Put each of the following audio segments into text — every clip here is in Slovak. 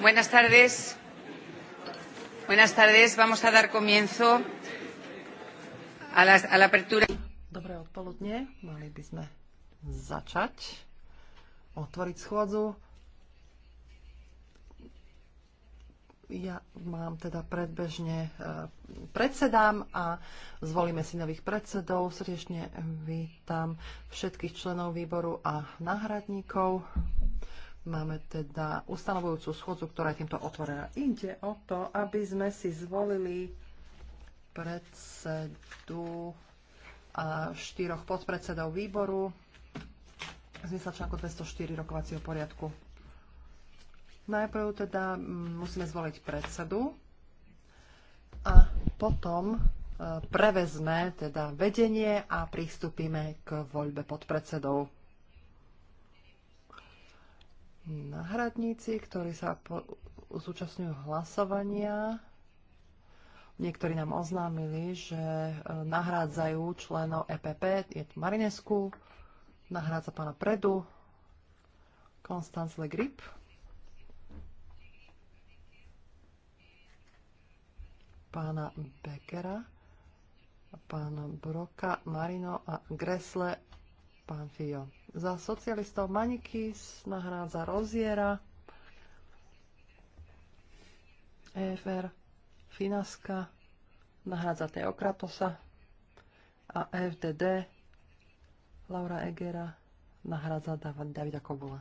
Buenas tardes. Buenas tardes. Vamos a dar comienzo a la, a la apertura. Dobré odpoludne. Mali by sme začať, otvoriť schôdzu. Ja mám teda predbežne, eh, predsedám a zvolíme si nových predsedov. Srdečne vítam všetkých členov výboru a náhradníkov. Máme teda ustanovujúcu schôdzu, ktorá je týmto otvorená. Ide o to, aby sme si zvolili predsedu a štyroch podpredsedov výboru v zmysle článku 204 rokovacieho poriadku. Najprv teda mm, musíme zvoliť predsedu a potom e, prevezme teda vedenie a pristúpime k voľbe podpredsedov náhradníci, ktorí sa po, zúčastňujú hlasovania. Niektorí nám oznámili, že e, nahrádzajú členov EPP, je tu Marinesku, nahrádza pána Predu, Konstanc Le Grip. pána Bekera, pána Broka, Marino a Gresle, pán Fio za socialistov Manikis, nahrádza Roziera, EFR Finaska, nahrádza Teokratosa a FDD Laura Egera nahrádza Davida Kobula.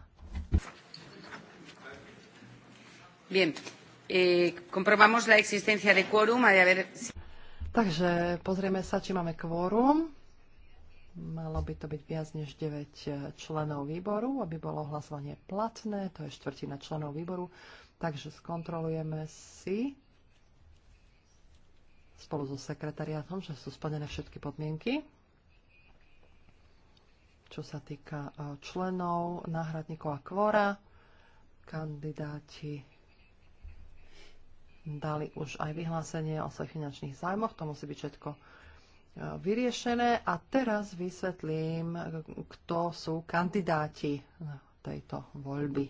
Bien. Eh, la existencia de quórum. A de haber... Takže pozrieme sa, či máme kvórum. Malo by to byť viac než 9 e, členov výboru, aby bolo hlasovanie platné, to je štvrtina členov výboru. Takže skontrolujeme si spolu so sekretariátom, že sú splnené všetky podmienky. Čo sa týka e, členov, náhradníkov a kvora, kandidáti dali už aj vyhlásenie o svojich finančných zájmoch, to musí byť všetko vyriešené a teraz vysvetlím, kto sú kandidáti tejto voľby.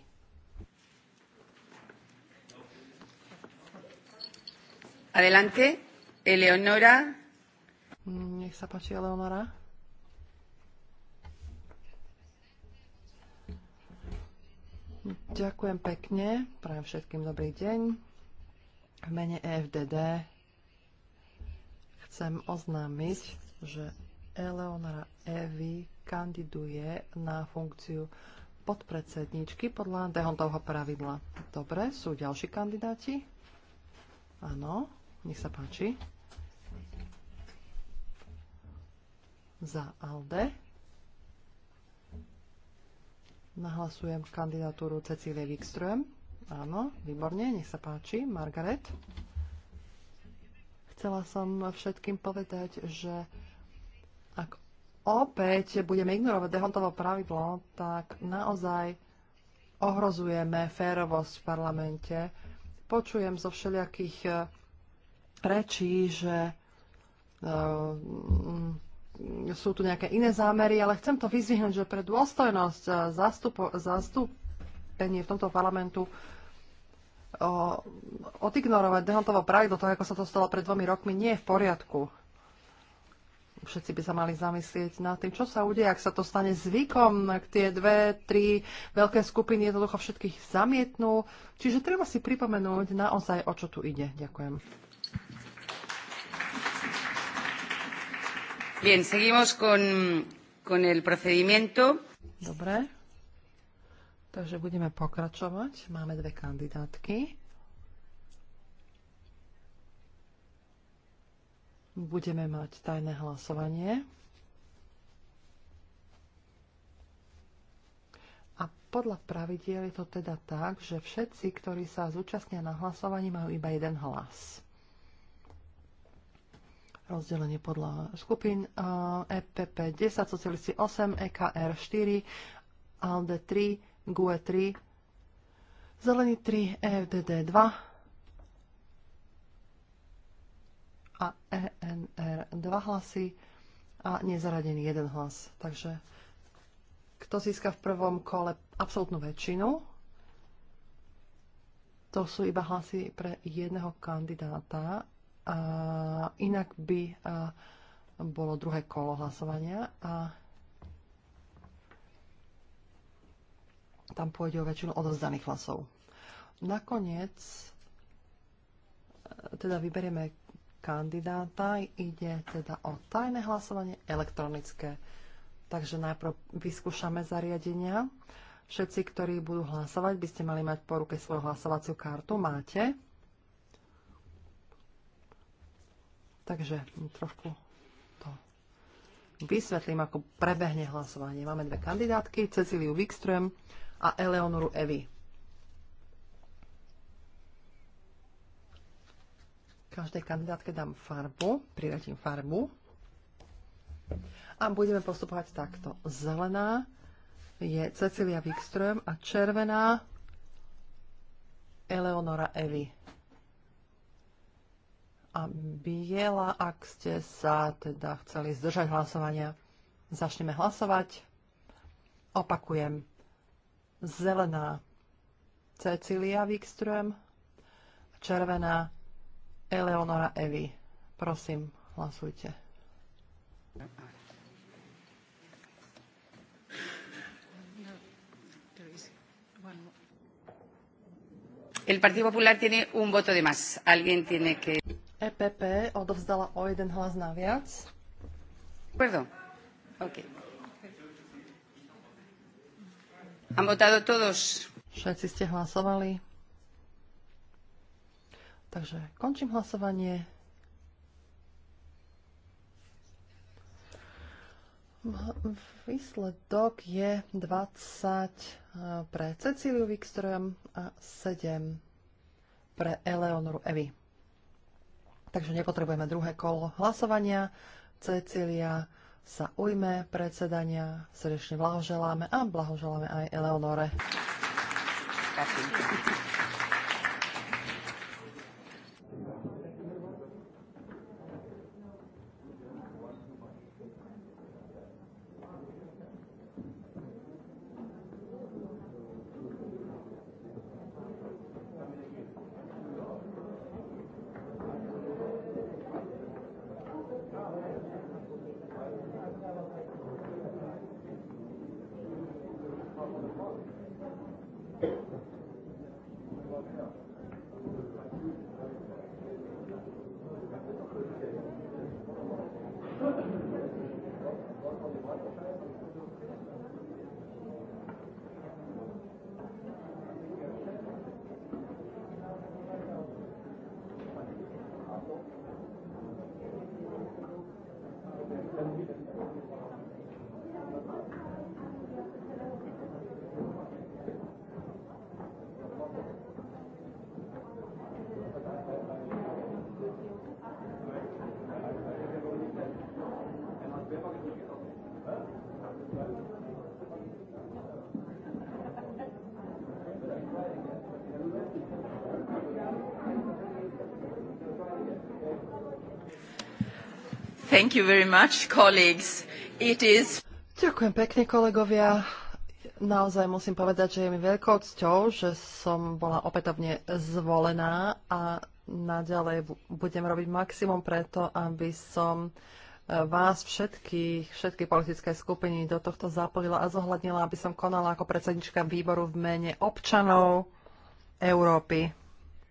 Adelante, Eleonora. Nech sa páči, Eleonora. Ďakujem pekne, prajem všetkým dobrý deň. V mene EFDD Chcem oznámiť, že Eleonora Evi kandiduje na funkciu podpredsedničky podľa Dehontovho pravidla. Dobre, sú ďalší kandidáti? Áno, nech sa páči. Za ALDE nahlasujem kandidatúru Cecílie Wikström. Áno, výborne, nech sa páči. Margaret? Chcela som všetkým povedať, že ak opäť budeme ignorovať Dehontovo pravidlo, tak naozaj ohrozujeme férovosť v parlamente. Počujem zo všelijakých eh, rečí, že eh, sú tu nejaké iné zámery, ale chcem to vyzvihnúť, že pre dôstojnosť eh, zastupenie v tomto parlamentu odignorovať Dehontovo pravidlo, toho, ako sa to stalo pred dvomi rokmi, nie je v poriadku. Všetci by sa mali zamyslieť nad tým, čo sa udeje, ak sa to stane zvykom, ak tie dve, tri veľké skupiny jednoducho všetkých zamietnú. Čiže treba si pripomenúť naozaj, o čo tu ide. Ďakujem. Bien, seguimos con, con el procedimiento. Dobre, Takže budeme pokračovať. Máme dve kandidátky. Budeme mať tajné hlasovanie. A podľa pravidiel je to teda tak, že všetci, ktorí sa zúčastnia na hlasovaní, majú iba jeden hlas. Rozdelenie podľa skupín EPP eh, e 10, socialisti 8, EKR 4, ALDE 3, GUE 3, Zelený 3, EFDD 2 a ENR 2 hlasy a nezaradený 1 hlas. Takže kto získa v prvom kole absolútnu väčšinu, to sú iba hlasy pre jedného kandidáta. A inak by a, bolo druhé kolo hlasovania a tam pôjde o väčšinu odozdaných hlasov. Nakoniec e, teda vyberieme kandidáta, ide teda o tajné hlasovanie elektronické. Takže najprv vyskúšame zariadenia. Všetci, ktorí budú hlasovať, by ste mali mať po ruke svoju hlasovaciu kartu. Máte. Takže trošku to vysvetlím, ako prebehne hlasovanie. Máme dve kandidátky, Ceciliu Wikström a Eleonoru Evi. Každej kandidátke dám farbu, priradím farbu a budeme postupovať takto. Zelená je Cecilia Wikström a červená Eleonora Evi. A biela, ak ste sa teda chceli zdržať hlasovania. Začneme hlasovať. Opakujem, Zelená Cecilia Wikström. Červená Eleonora Evi. Prosím, hlasujte. El Partido Popular tiene un voto de más. Alguien tiene que... EPP odovzdala o jeden hlas naviac. Perdón. Okay. Han votado todos. Všetci ste hlasovali. Takže končím hlasovanie. Výsledok je 20 eh, pre Ceciliu Wikström a 7 pre Eleonoru Evi. Takže nepotrebujeme druhé kolo hlasovania. Cecília sa ujme predsedania. Srdečne blahoželáme a blahoželáme aj Eleonore. Ďakujem. Ďakujem pekne, kolegovia. Naozaj musím povedať, že je mi veľkou cťou, že som bola opätovne zvolená a naďalej budem robiť maximum preto, aby som eh, vás všetkých, všetky politické skupiny do tohto zapojila a zohľadnila, aby som konala ako predsednička výboru v mene občanov Európy,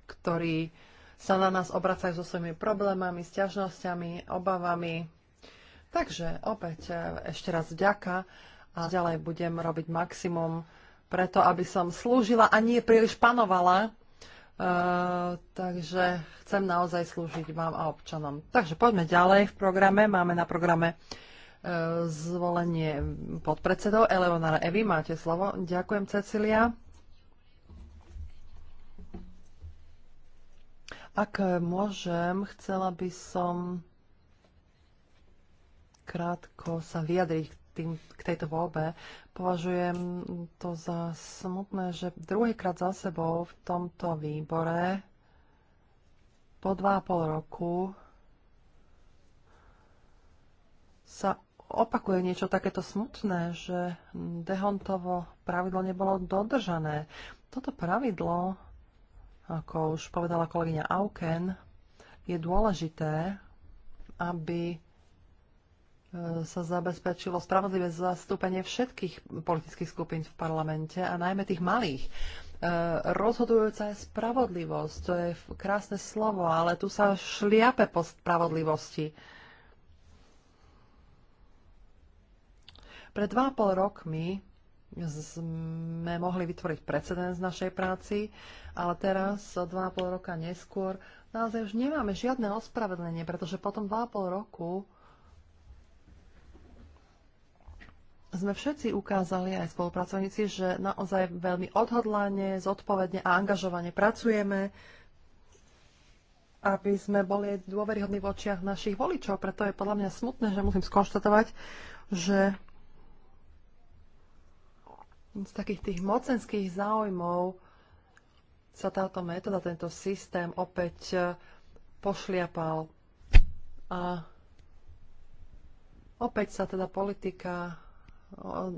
ktorí sa na nás obracajú so svojimi problémami, sťažnosťami, obavami, Takže opäť e, ešte raz vďaka a ďalej budem robiť maximum preto, aby som slúžila a nie príliš panovala. Uh, takže chcem naozaj slúžiť vám a občanom. Takže poďme ďalej v programe. Máme na programe uh, zvolenie podpredsedov. Eleonora Evi, máte slovo. Ďakujem, Cecilia. Ak môžem, chcela by som krátko sa vyjadriť k, tým, k tejto voľbe. Považujem to za smutné, že druhýkrát za sebou v tomto výbore po dva a pol roku sa opakuje niečo takéto smutné, že Dehontovo pravidlo nebolo dodržané. Toto pravidlo, ako už povedala kolegyňa Auken, je dôležité, aby E, sa zabezpečilo spravodlivé zastúpenie všetkých politických skupín v parlamente a najmä tých malých. E, rozhodujúca je spravodlivosť, to je krásne slovo, ale tu sa šliape po spravodlivosti. Pred dva pol rokmi sme mohli vytvoriť precedens v našej práci, ale teraz, o pol roka neskôr, naozaj už nemáme žiadne ospravedlenie, pretože potom dva pol roku sme všetci ukázali, aj spolupracovníci, že naozaj veľmi odhodlane, zodpovedne a angažovane pracujeme, aby sme boli dôveryhodní v očiach našich voličov. Preto je podľa mňa smutné, že musím skonštatovať, že z takých tých mocenských záujmov sa táto metóda, tento systém opäť e, pošliapal. A opäť sa teda politika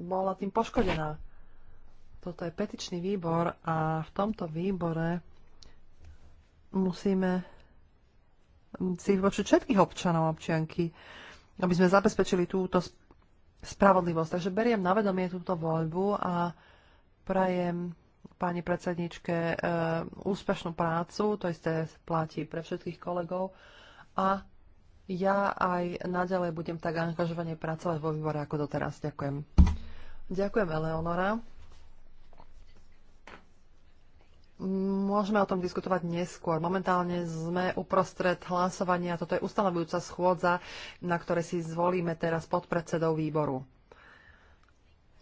bola tým poškodená. Toto je petičný výbor a v tomto výbore musíme si vypočuť všetkých občanov občianky, aby sme zabezpečili túto spravodlivosť. Takže beriem na vedomie túto voľbu a prajem pani predsedničke e, úspešnú prácu, to isté platí pre všetkých kolegov a ja aj naďalej budem tak angažovane pracovať vo výbore ako doteraz. Ďakujem. Ďakujem, Eleonora. Môžeme o tom diskutovať neskôr. Momentálne sme uprostred hlasovania. Toto je ustanovujúca schôdza, na ktorej si zvolíme teraz podpredsedov výboru.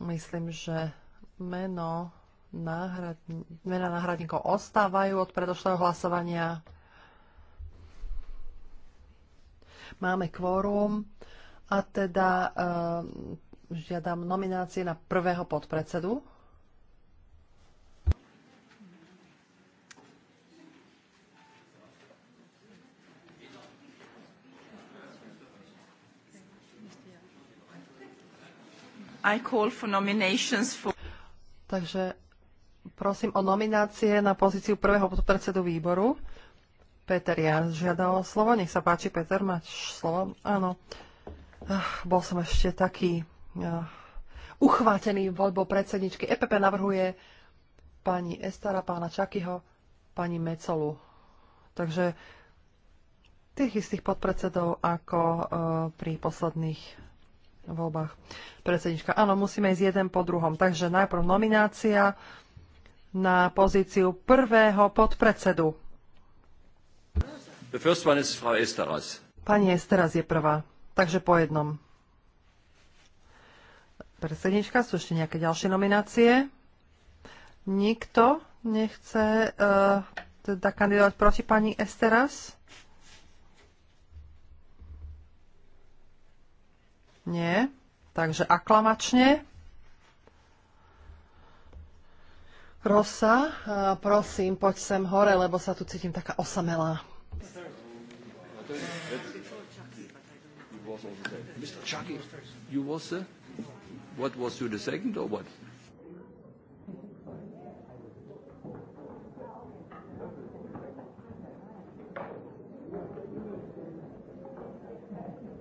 Myslím, že meno náhrad... mena náhradníkov ostávajú od predošlého hlasovania máme kvórum a teda uh, žiadam nominácie na prvého podpredsedu. I call for nominations for... Takže prosím o nominácie na pozíciu prvého podpredsedu výboru. Peter Jan žiadal slovo. Nech sa páči, Peter, máš slovo? Áno. Ach, bol som ešte taký uh, uchvátený voľbou predsedničky. EPP navrhuje pani Estara, pána Čakyho, pani Mecolu. Takže tých istých podpredsedov ako uh, pri posledných voľbách predsednička. Áno, musíme ísť jeden po druhom. Takže najprv nominácia na pozíciu prvého podpredsedu The first one is Frau Esteras. Pani Esteras je prvá, takže po jednom. Predsednička, sú ešte nejaké ďalšie nominácie? Nikto nechce uh, teda kandidovať proti pani Esteras? Nie. Takže aklamačne. Rosa, eh, prosím, poď sem hore, lebo sa tu cítim taká osamelá. It was also Mr. Chucky, you was the? What was you the second or what?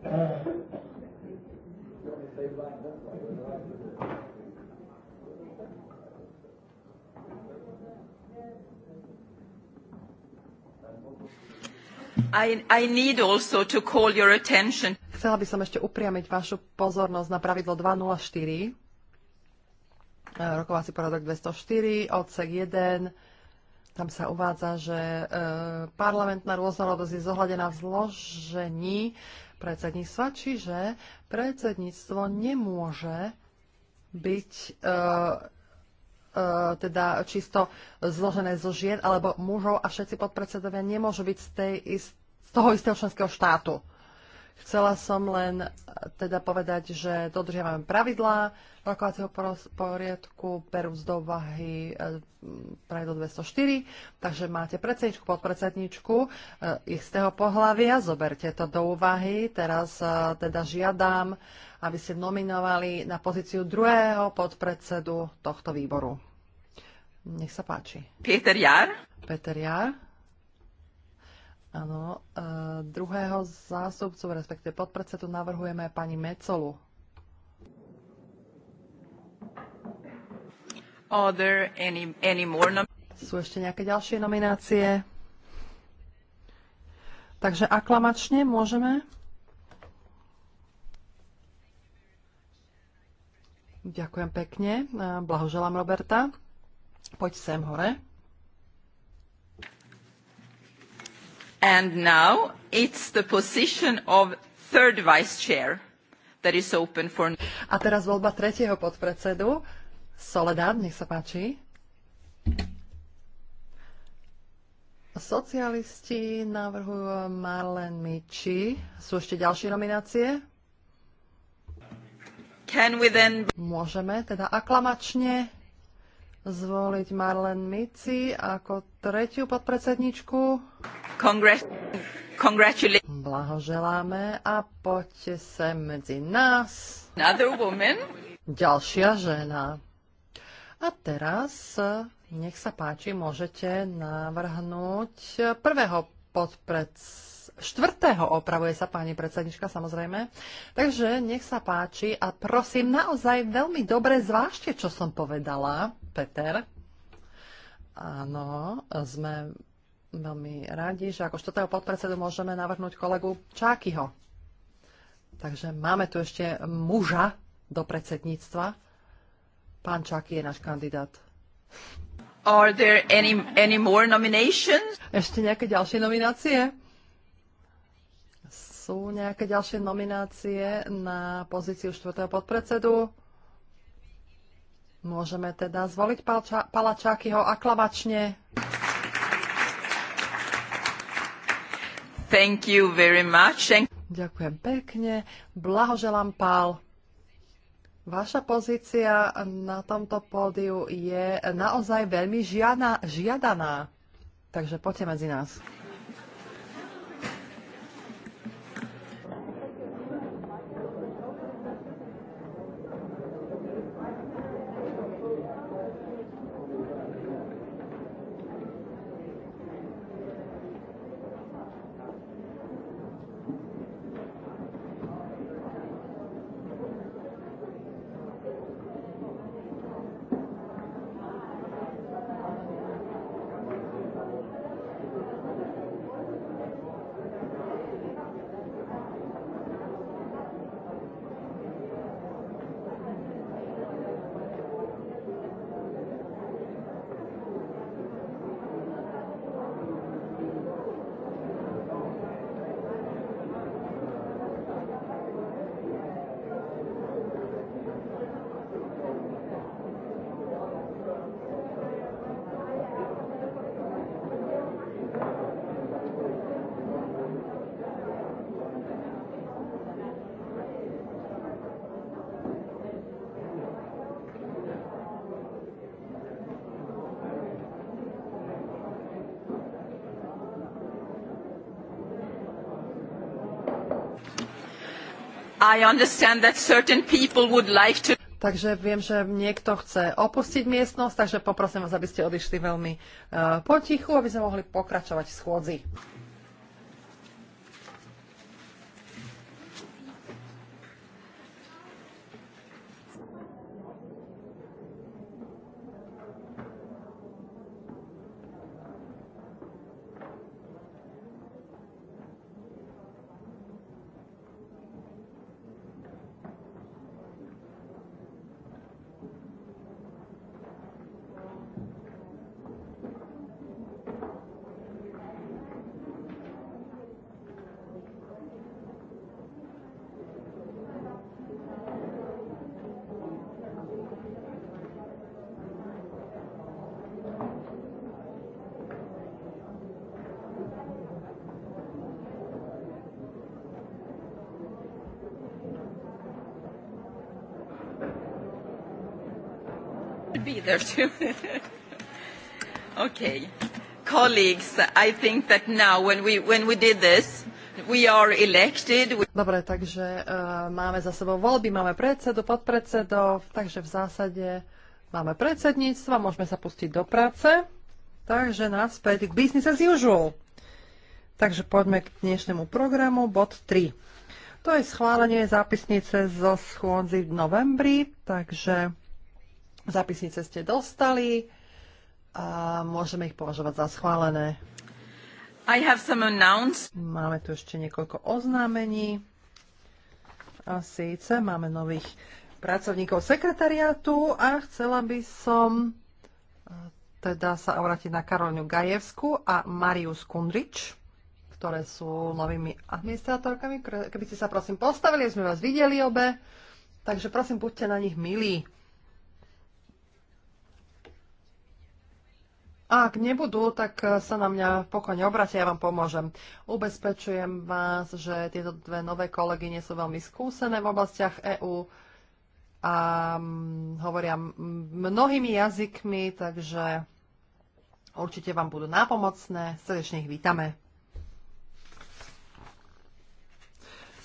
Uh. Chcela by som ešte upriamiť vašu pozornosť na pravidlo 204, e, rokovací poradok 204, odsek 1. Tam sa uvádza, že e, parlamentná rôznorodosť je zohľadená v zložení predsedníctva, čiže predsedníctvo nemôže byť e, teda čisto zložené zo žien alebo mužov a všetci podpredsedovia nemôžu byť z tej istej toho istého členského štátu. Chcela som len e, teda povedať, že dodržiavame pravidlá rokovacieho poriadku, berú z dovahy e, pravidlo 204, takže máte predsedničku, podpredsedničku e, istého pohľavia, zoberte to do úvahy. Teraz teda žiadam, aby ste nominovali na pozíciu druhého podpredsedu tohto výboru. Nech sa páči. Peter Jar. Peter Jar. Áno, e, druhého zástupcu, respektive podpredsedu, navrhujeme pani Mecolu. any, any more Sú ešte nejaké ďalšie nominácie? Takže aklamačne môžeme. Ďakujem pekne. E, blahoželám Roberta. Poď sem hore. And now it's the position of third vice chair that is open for... A teraz voľba tretieho podpredsedu. Soledad, nech sa páči. Socialisti navrhujú Marlen Michi. Sú ešte ďalšie nominácie? Can we then... Môžeme teda aklamačne zvoliť Marlen Mici ako tretiu podpredsedničku. Blahoželáme a poďte sem medzi nás. Ďalšia žena. A teraz, nech sa páči, môžete navrhnúť prvého podpred... štvrtého opravuje sa pani predsednička samozrejme. Takže nech sa páči a prosím naozaj veľmi dobre zvážte, čo som povedala, Peter. Áno, sme veľmi radi, že ako štvrtého podpredsedu môžeme navrhnúť kolegu Čákyho. Takže máme tu ešte muža do predsedníctva. Pán Čáky je náš kandidát. Are there any, any more nominations? Ešte nejaké ďalšie nominácie? Sú nejaké ďalšie nominácie na pozíciu štvrtého podpredsedu? Môžeme teda zvoliť Palačákyho aklamačne. Thank you very much. Thank... Ďakujem pekne. Blahoželám, Pál. Vaša pozícia na tomto pódiu je naozaj veľmi žiadaná. Takže poďte medzi nás. like to... Takže viem, že niekto chce opustiť miestnosť, takže poprosím vás, aby ste odišli veľmi uh, potichu, aby sme mohli pokračovať v schôdzi. be there too. okay. Colleagues, I think that now when we, when we did this, we are elected. Dobre, takže uh, máme za sebou voľby, máme predsedu, podpredsedov, takže v zásade máme predsedníctvo, môžeme sa pustiť do práce. Takže naspäť k business as usual. Takže poďme k dnešnému programu, bod 3. To je schválenie zápisnice zo schôdzi v novembri, takže Zapisnice ste dostali a môžeme ich považovať za schválené. I have some announced. Máme tu ešte niekoľko oznámení. A síce máme nových pracovníkov sekretariátu a chcela by som e, teda sa obrátiť na Karolinu Gajevsku a Marius Kundrič, ktoré sú novými administrátorkami. Keby ste sa prosím postavili, sme vás videli obe, takže prosím buďte na nich milí. Ak nebudú, tak e, sa na mňa pokojne obratia, ja vám pomôžem. Ubezpečujem vás, že tieto dve nové kolegyne sú veľmi skúsené v oblastiach EÚ a mm, hovoria mnohými jazykmi, takže určite vám budú nápomocné. Srdečne ich vítame.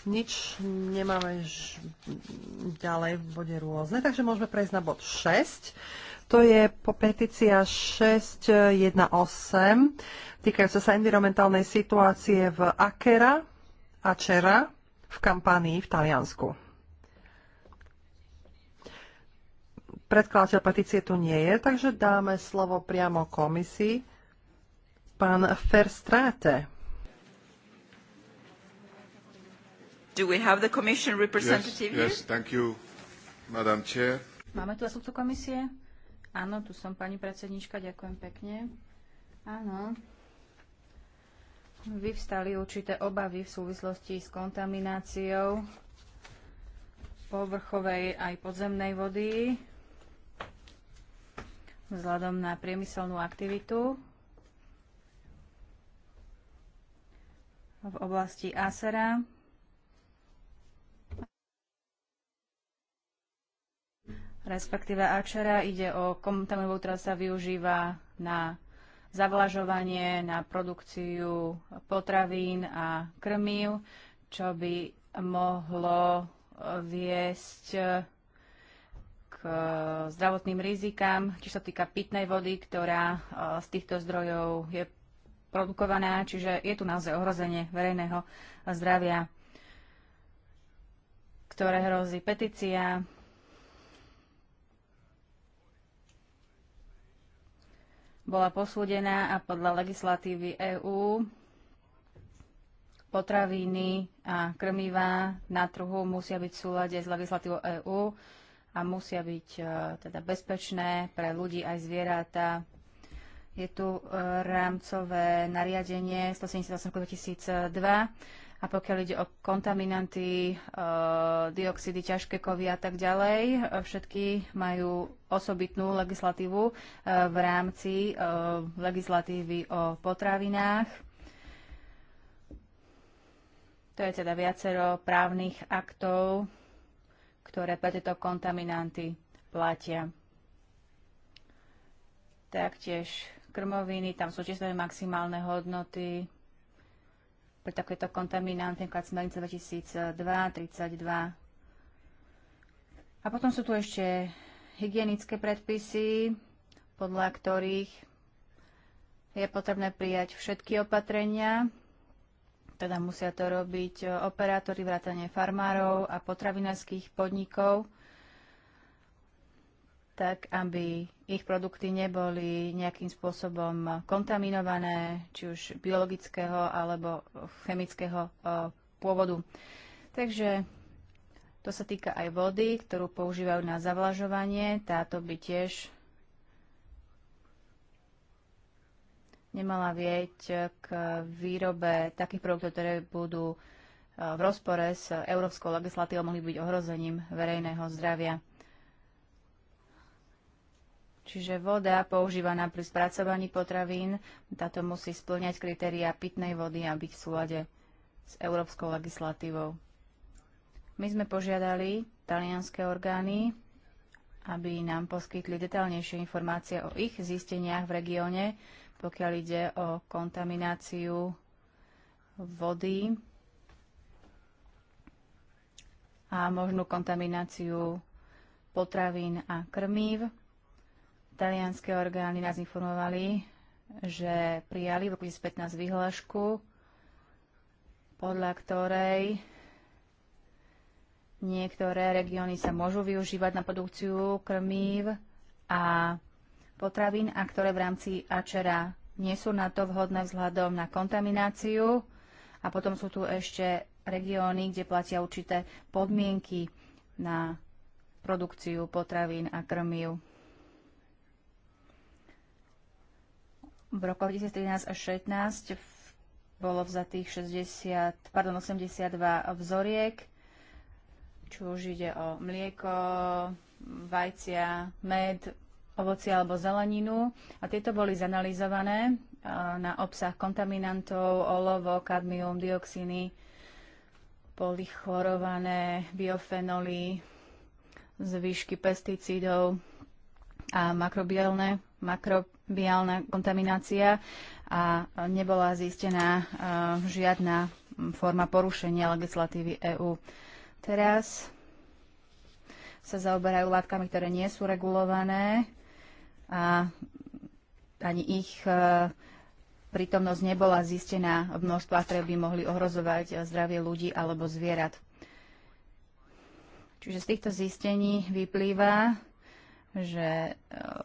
Nič nemáme ž- ďalej v bode rôzne, takže môžeme prejsť na bod 6 to je po petícia 618 týkajúca sa environmentálnej situácie v Akera a Čera v kampanii v Taliansku. Predkladateľ petície tu nie je, takže dáme slovo priamo komisii. Pán Ferstráte. Do we have the commission representative yes, here? Yes, thank you, Madam Chair. Máme tu zastupcu komisie? Áno, tu som pani predsednička, ďakujem pekne. Áno, vyvstali určité obavy v súvislosti s kontamináciou povrchovej aj podzemnej vody vzhľadom na priemyselnú aktivitu v oblasti Asera. respektíve ačera. Ide o komunitárnu ktorá sa využíva na zavlažovanie, na produkciu potravín a krmív, čo by mohlo viesť k zdravotným rizikám, či sa týka pitnej vody, ktorá e, z týchto zdrojov je produkovaná, čiže je tu naozaj ohrozenie verejného zdravia, ktoré hrozí petícia bola posúdená a podľa legislatívy EÚ potraviny a krmivá na trhu musia byť v súlade s legislatívou EÚ a musia byť e, teda bezpečné pre ľudí aj zvieratá. Je tu e, rámcové nariadenie 178 2002 a pokiaľ ide o kontaminanty, e, eh, dioxidy, ťažké kovy a tak ďalej, eh, všetky majú osobitnú legislatívu e, v rámci e, legislatívy o potravinách. To je teda viacero právnych aktov, ktoré pre tieto kontaminanty platia. Taktiež krmoviny, tam sú čisté maximálne hodnoty pre takéto kontaminanty, napríklad smernica 2002-32. A potom sú tu ešte hygienické predpisy, podľa ktorých je potrebné prijať všetky opatrenia, teda musia to robiť operátory, vrátane farmárov a potravinárskych podnikov, tak aby ich produkty neboli nejakým spôsobom kontaminované, či už biologického alebo chemického eh, pôvodu. Takže to sa týka aj vody, ktorú používajú na zavlažovanie. Táto by tiež nemala vieť k výrobe takých produktov, ktoré budú eh, v rozpore s európskou legislatívou mohli byť ohrozením verejného zdravia. Čiže voda používaná pri spracovaní potravín, táto musí splňať kritéria pitnej vody a byť v súlade s európskou legislatívou. My sme požiadali talianské orgány, aby nám poskytli detaľnejšie informácie o ich zisteniach v regióne, pokiaľ ide o kontamináciu vody a možnú kontamináciu potravín a krmív. Talianské orgány nás informovali, že prijali v roku 2015 vyhlášku, podľa ktorej niektoré regióny sa môžu využívať na produkciu krmív a potravín, a ktoré v rámci ačera nie sú na to vhodné vzhľadom na kontamináciu. A potom sú tu ešte regióny, kde platia určité podmienky na produkciu potravín a krmív. V rokoch 2013 až 2016 bolo vzatých 60, pardon, 82 vzoriek, či už ide o mlieko, vajcia, med, ovoci alebo zeleninu. A tieto boli zanalizované na obsah kontaminantov, olovo, kadmium, dioxiny, polychlorované biofenoly, zvyšky pesticídov, a makrobiálne, makrobiálna kontaminácia a nebola zistená e, žiadna forma porušenia legislatívy EÚ. Teraz sa zaoberajú látkami, ktoré nie sú regulované a ani ich e, prítomnosť nebola zistená v množstvách, ktoré by mohli ohrozovať zdravie ľudí alebo zvierat. Čiže z týchto zistení vyplýva, že e,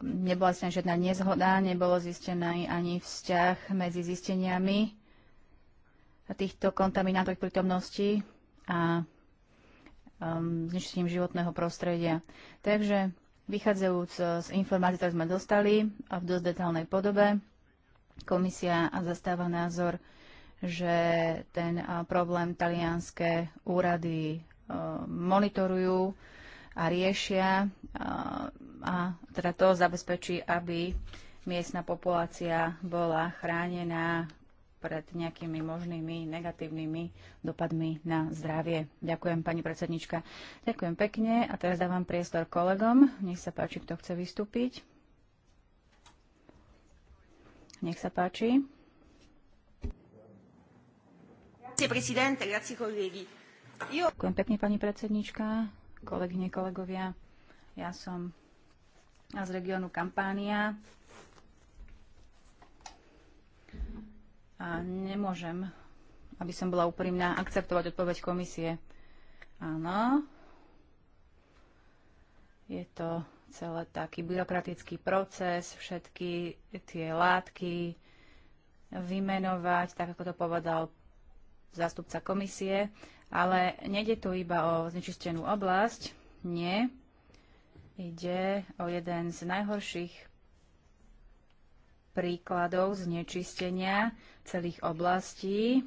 nebola zistená žiadna nezhoda, nebolo zistený ani vzťah medzi zisteniami týchto kontaminátov prítomnosti a um, znečistením životného prostredia. Takže vychádzajúc z informácií, ktoré sme dostali a v dosť detálnej podobe, komisia zastáva názor, že ten problém talianské úrady e, monitorujú a riešia a teda to zabezpečí, aby miestna populácia bola chránená pred nejakými možnými negatívnymi dopadmi na zdravie. Ďakujem, pani predsednička. Ďakujem pekne a teraz dávam priestor kolegom. Nech sa páči, kto chce vystúpiť. Nech sa páči. Ďakujem pekne, pani predsednička, kolegyne, kolegovia. Ja som a z regiónu Kampánia. A nemôžem, aby som bola úprimná, akceptovať odpoveď komisie. Áno, je to celé taký byrokratický proces, všetky tie látky vymenovať, tak ako to povedal zástupca komisie, ale nejde tu iba o znečistenú oblasť, nie, Ide o jeden z najhorších príkladov znečistenia celých oblastí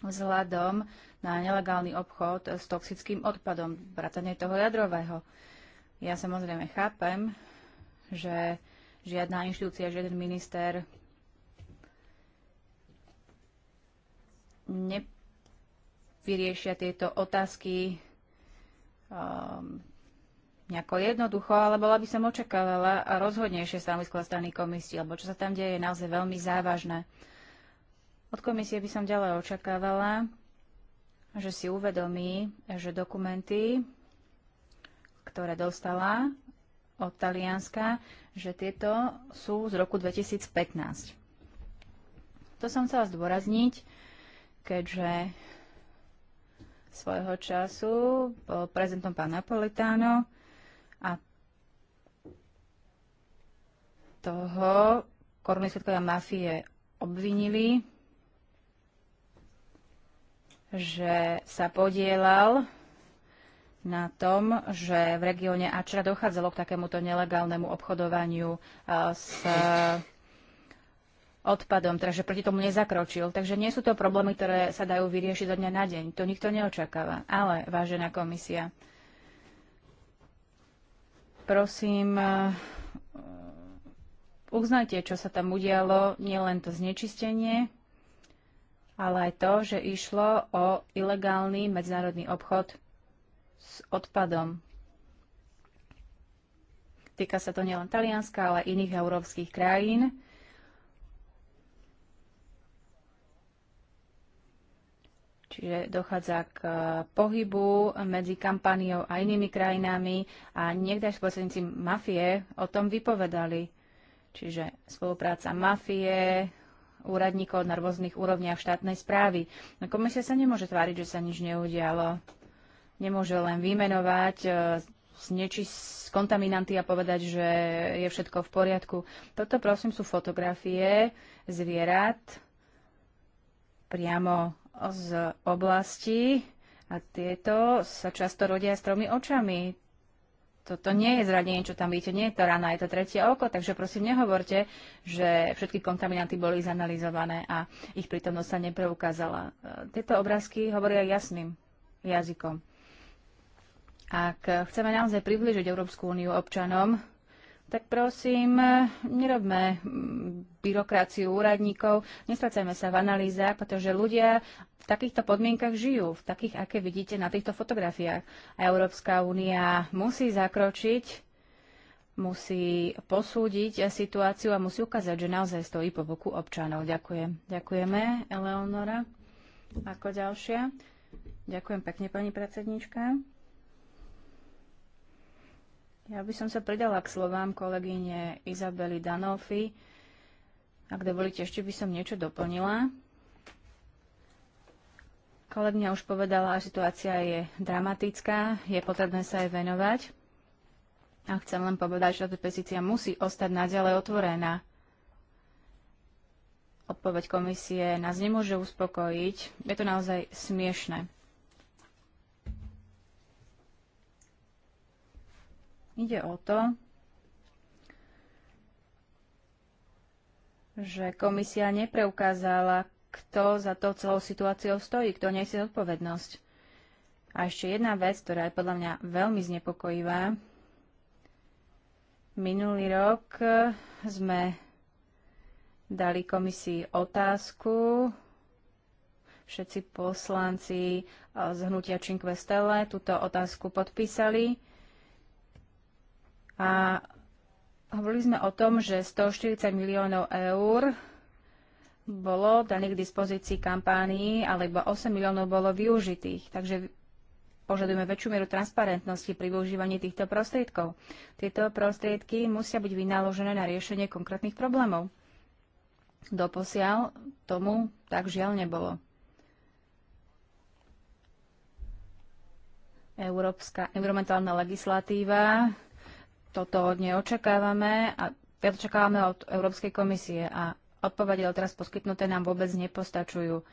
vzhľadom na nelegálny obchod s toxickým odpadom, vrátane toho jadrového. Ja samozrejme chápem, že žiadna inštitúcia, žiaden minister nevyriešia tieto otázky um, nejako jednoducho, ale bola by som očakávala rozhodnejšie stanovisko strany komisie, lebo čo sa tam deje je naozaj veľmi závažné. Od komisie by som ďalej očakávala, že si uvedomí, že dokumenty, ktoré dostala od Talianska, že tieto sú z roku 2015. To som chcela zdôrazniť, keďže svojho času bol prezentom pán Napolitano a toho korunní svetkovia mafie obvinili, že sa podielal na tom, že v regióne Ačra dochádzalo k takémuto nelegálnemu obchodovaniu s odpadom, takže teda, proti tomu nezakročil. Takže nie sú to problémy, ktoré sa dajú vyriešiť zo dňa na deň. To nikto neočakáva. Ale, vážená komisia, Prosím, eh, uznajte, čo sa tam udialo, nielen to znečistenie, ale aj to, že išlo o ilegálny medzinárodný obchod s odpadom. Týka sa to nielen Talianska, ale aj iných európskych krajín. Čiže dochádza k e, pohybu medzi kampaniou a inými krajinami a niekdaž spoločníci mafie o tom vypovedali. Čiže spolupráca mafie, úradníkov na rôznych úrovniach štátnej správy. No komisia sa nemôže tváriť, že sa nič neudialo. Nemôže len vymenovať e, kontaminanty a povedať, že je všetko v poriadku. Toto prosím sú fotografie zvierat priamo z oblasti a tieto sa často rodia s tromi očami. Toto nie je zradenie, čo tam vidíte, nie je to rana, je to tretie oko, takže prosím nehovorte, že všetky kontaminanty boli zanalizované a ich prítomnosť sa nepreukázala. Tieto obrázky hovoria jasným jazykom. Ak chceme naozaj priblížiť Európsku úniu občanom, tak prosím, nerobme mm, byrokraciu úradníkov, nestracajme sa v analýzach, pretože ľudia v takýchto podmienkach žijú, v takých, aké vidíte na týchto fotografiách. A Európska únia musí zakročiť, musí posúdiť situáciu a musí ukázať, že naozaj stojí po boku občanov. Ďakujem. Ďakujeme, Eleonora. Ako ďalšia. Ďakujem pekne, pani predsednička. Ja by som sa pridala k slovám kolegyne Izabely Danofy. Ak dovolíte, ešte by som niečo doplnila. Kolegyňa už povedala, že situácia je dramatická, je potrebné sa jej venovať. A chcem len povedať, že táto petícia musí ostať naďalej otvorená. Odpoveď komisie nás nemôže uspokojiť. Je to naozaj smiešne. Ide o to, že komisia nepreukázala, kto za to celou situáciou stojí, kto nesie zodpovednosť. A ešte jedna vec, ktorá je podľa mňa veľmi znepokojivá. Minulý rok sme dali komisii otázku, všetci poslanci eh, z hnutia Cinque túto otázku podpísali a hovorili sme o tom, že 140 miliónov eur bolo daných k dispozícii kampánii, ale iba 8 miliónov bolo využitých. Takže požadujeme väčšiu mieru transparentnosti pri využívaní týchto prostriedkov. Tieto prostriedky musia byť vynaložené na riešenie konkrétnych problémov. Doposiaľ tomu tak žiaľ nebolo. Európska environmentálna legislatíva toto od nej očakávame a viac očakávame od Európskej komisie a odpovede teraz poskytnuté nám vôbec nepostačujú.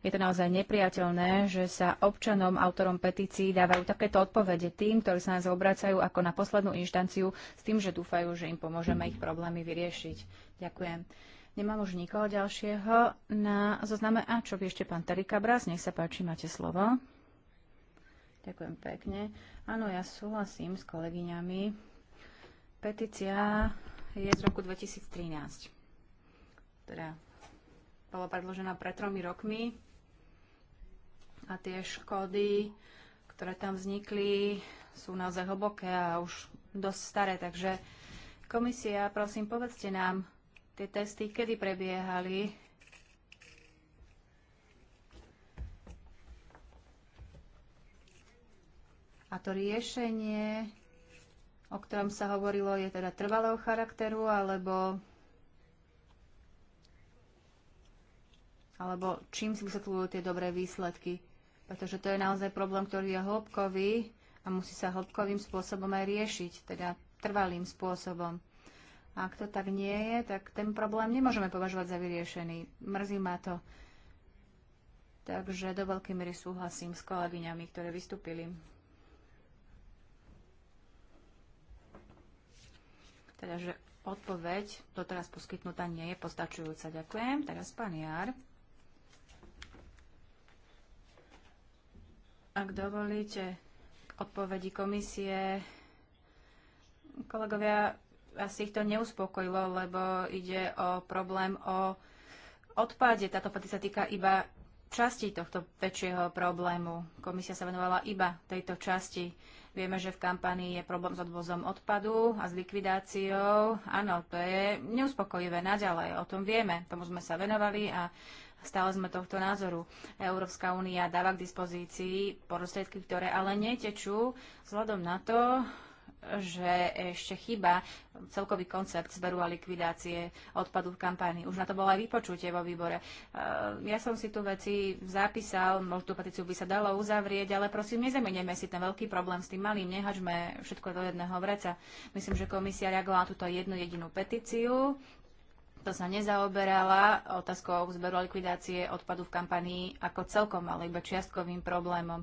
Je to naozaj nepriateľné, že sa občanom, autorom petícií dávajú takéto odpovede tým, ktorí sa nás obracajú ako na poslednú inštanciu s tým, že dúfajú, že im pomôžeme ich problémy vyriešiť. Ďakujem. Nemám už nikoho ďalšieho na zozname. A čo by ešte, pán Terika Brás, nech sa páči, máte slovo. Ďakujem pekne. Áno, ja súhlasím s kolegyňami Petícia je z roku 2013. Teda bola predložená pred tromi rokmi a tie škody, ktoré tam vznikli, sú naozaj hlboké a už dosť staré. Takže komisia, prosím, povedzte nám tie testy, kedy prebiehali. A to riešenie o ktorom sa hovorilo, je teda trvalého charakteru alebo alebo čím si vysvetľujú tie dobré výsledky. Pretože to je naozaj problém, ktorý je hĺbkový a musí sa hĺbkovým spôsobom aj riešiť, teda trvalým spôsobom. A ak to tak nie je, tak ten problém nemôžeme považovať za vyriešený. Mrzí ma to. Takže do veľkej miery súhlasím s kolegyňami, ktoré vystúpili. teda že odpoveď doteraz poskytnutá nie je postačujúca. Ďakujem. Teraz pán Jar. Ak dovolíte k odpovedi komisie, kolegovia, asi ich to neuspokojilo, lebo ide o problém o odpade. Táto petícia sa týka iba časti tohto väčšieho problému. Komisia sa venovala iba tejto časti Vieme, že v kampanii je problém s odvozom odpadu a s likvidáciou. Áno, to je neuspokojivé naďalej, o tom vieme, tomu sme sa venovali a Stále sme tohto názoru. Európska únia dáva k dispozícii prostriedky, ktoré ale netečú vzhľadom na to, že ešte chýba celkový koncept zberu a likvidácie odpadu v kampánii. Už na to bolo aj vypočutie vo výbore. E, ja som si tu veci zapísal, možno tú petíciu by sa dalo uzavrieť, ale prosím, nezamenieme si ten veľký problém s tým malým, nehačme všetko do jedného vreca. Myslím, že komisia reagovala na túto jednu jedinú petíciu, to sa nezaoberala otázkou zberu a likvidácie odpadu v kampanii ako celkom, ale iba čiastkovým problémom.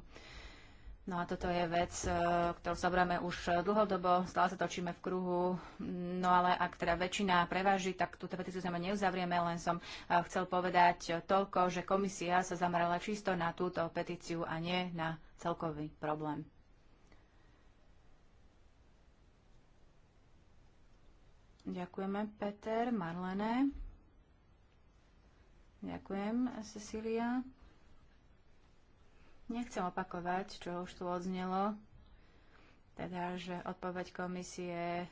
No a toto je vec, e, ktorú zobráme už dlhodobo, stále sa točíme v kruhu, no ale ak teda väčšina preváži, tak túto petíciu sme neuzavrieme, len som e, chcel povedať toľko, že komisia sa zamerala čisto na túto petíciu a nie na celkový problém. Ďakujeme, Peter, Marlene. Ďakujem, Cecília. Nechcem opakovať, čo už tu odznelo, teda, že odpoveď komisie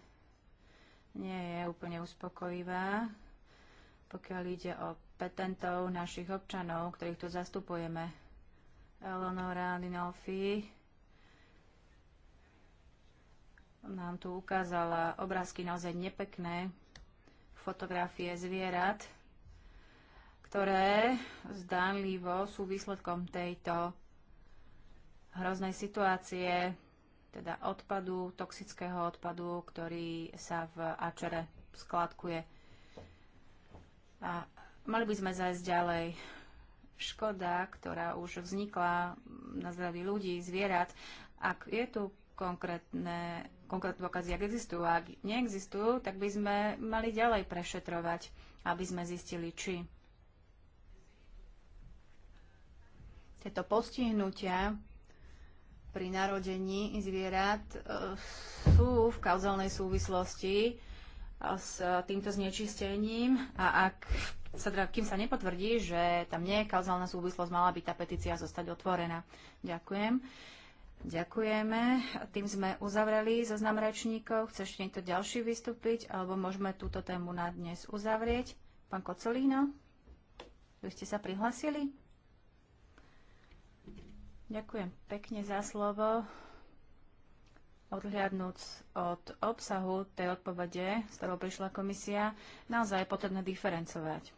nie je úplne uspokojivá, pokiaľ ide o petentov našich občanov, ktorých tu zastupujeme. Eleonora Linolfi nám tu ukázala obrázky naozaj nepekné, fotografie zvierat, ktoré zdánlivo sú výsledkom tejto hroznej situácie, teda odpadu, toxického odpadu, ktorý sa v Ačere skladkuje. A mali by sme zajsť ďalej. Škoda, ktorá už vznikla na zdraví ľudí, zvierat, ak je tu konkrétne, konkrétne dôkazy, ak existujú, ak neexistujú, tak by sme mali ďalej prešetrovať, aby sme zistili, či tieto postihnutia pri narodení zvierat e, sú v kauzálnej súvislosti e, s týmto znečistením a ak sa teda, kým sa nepotvrdí, že tam nie je kauzálna súvislosť, mala by tá petícia zostať otvorená. Ďakujem. Ďakujeme. Tým sme uzavreli zoznam rečníkov. Chce niekto ďalší vystúpiť? Alebo môžeme túto tému na dnes uzavrieť? Pán Kocolíno, vy ste sa prihlasili? Ďakujem pekne za slovo. Odhľadnúc od obsahu tej odpovede, z ktorou prišla komisia, naozaj je potrebné diferencovať.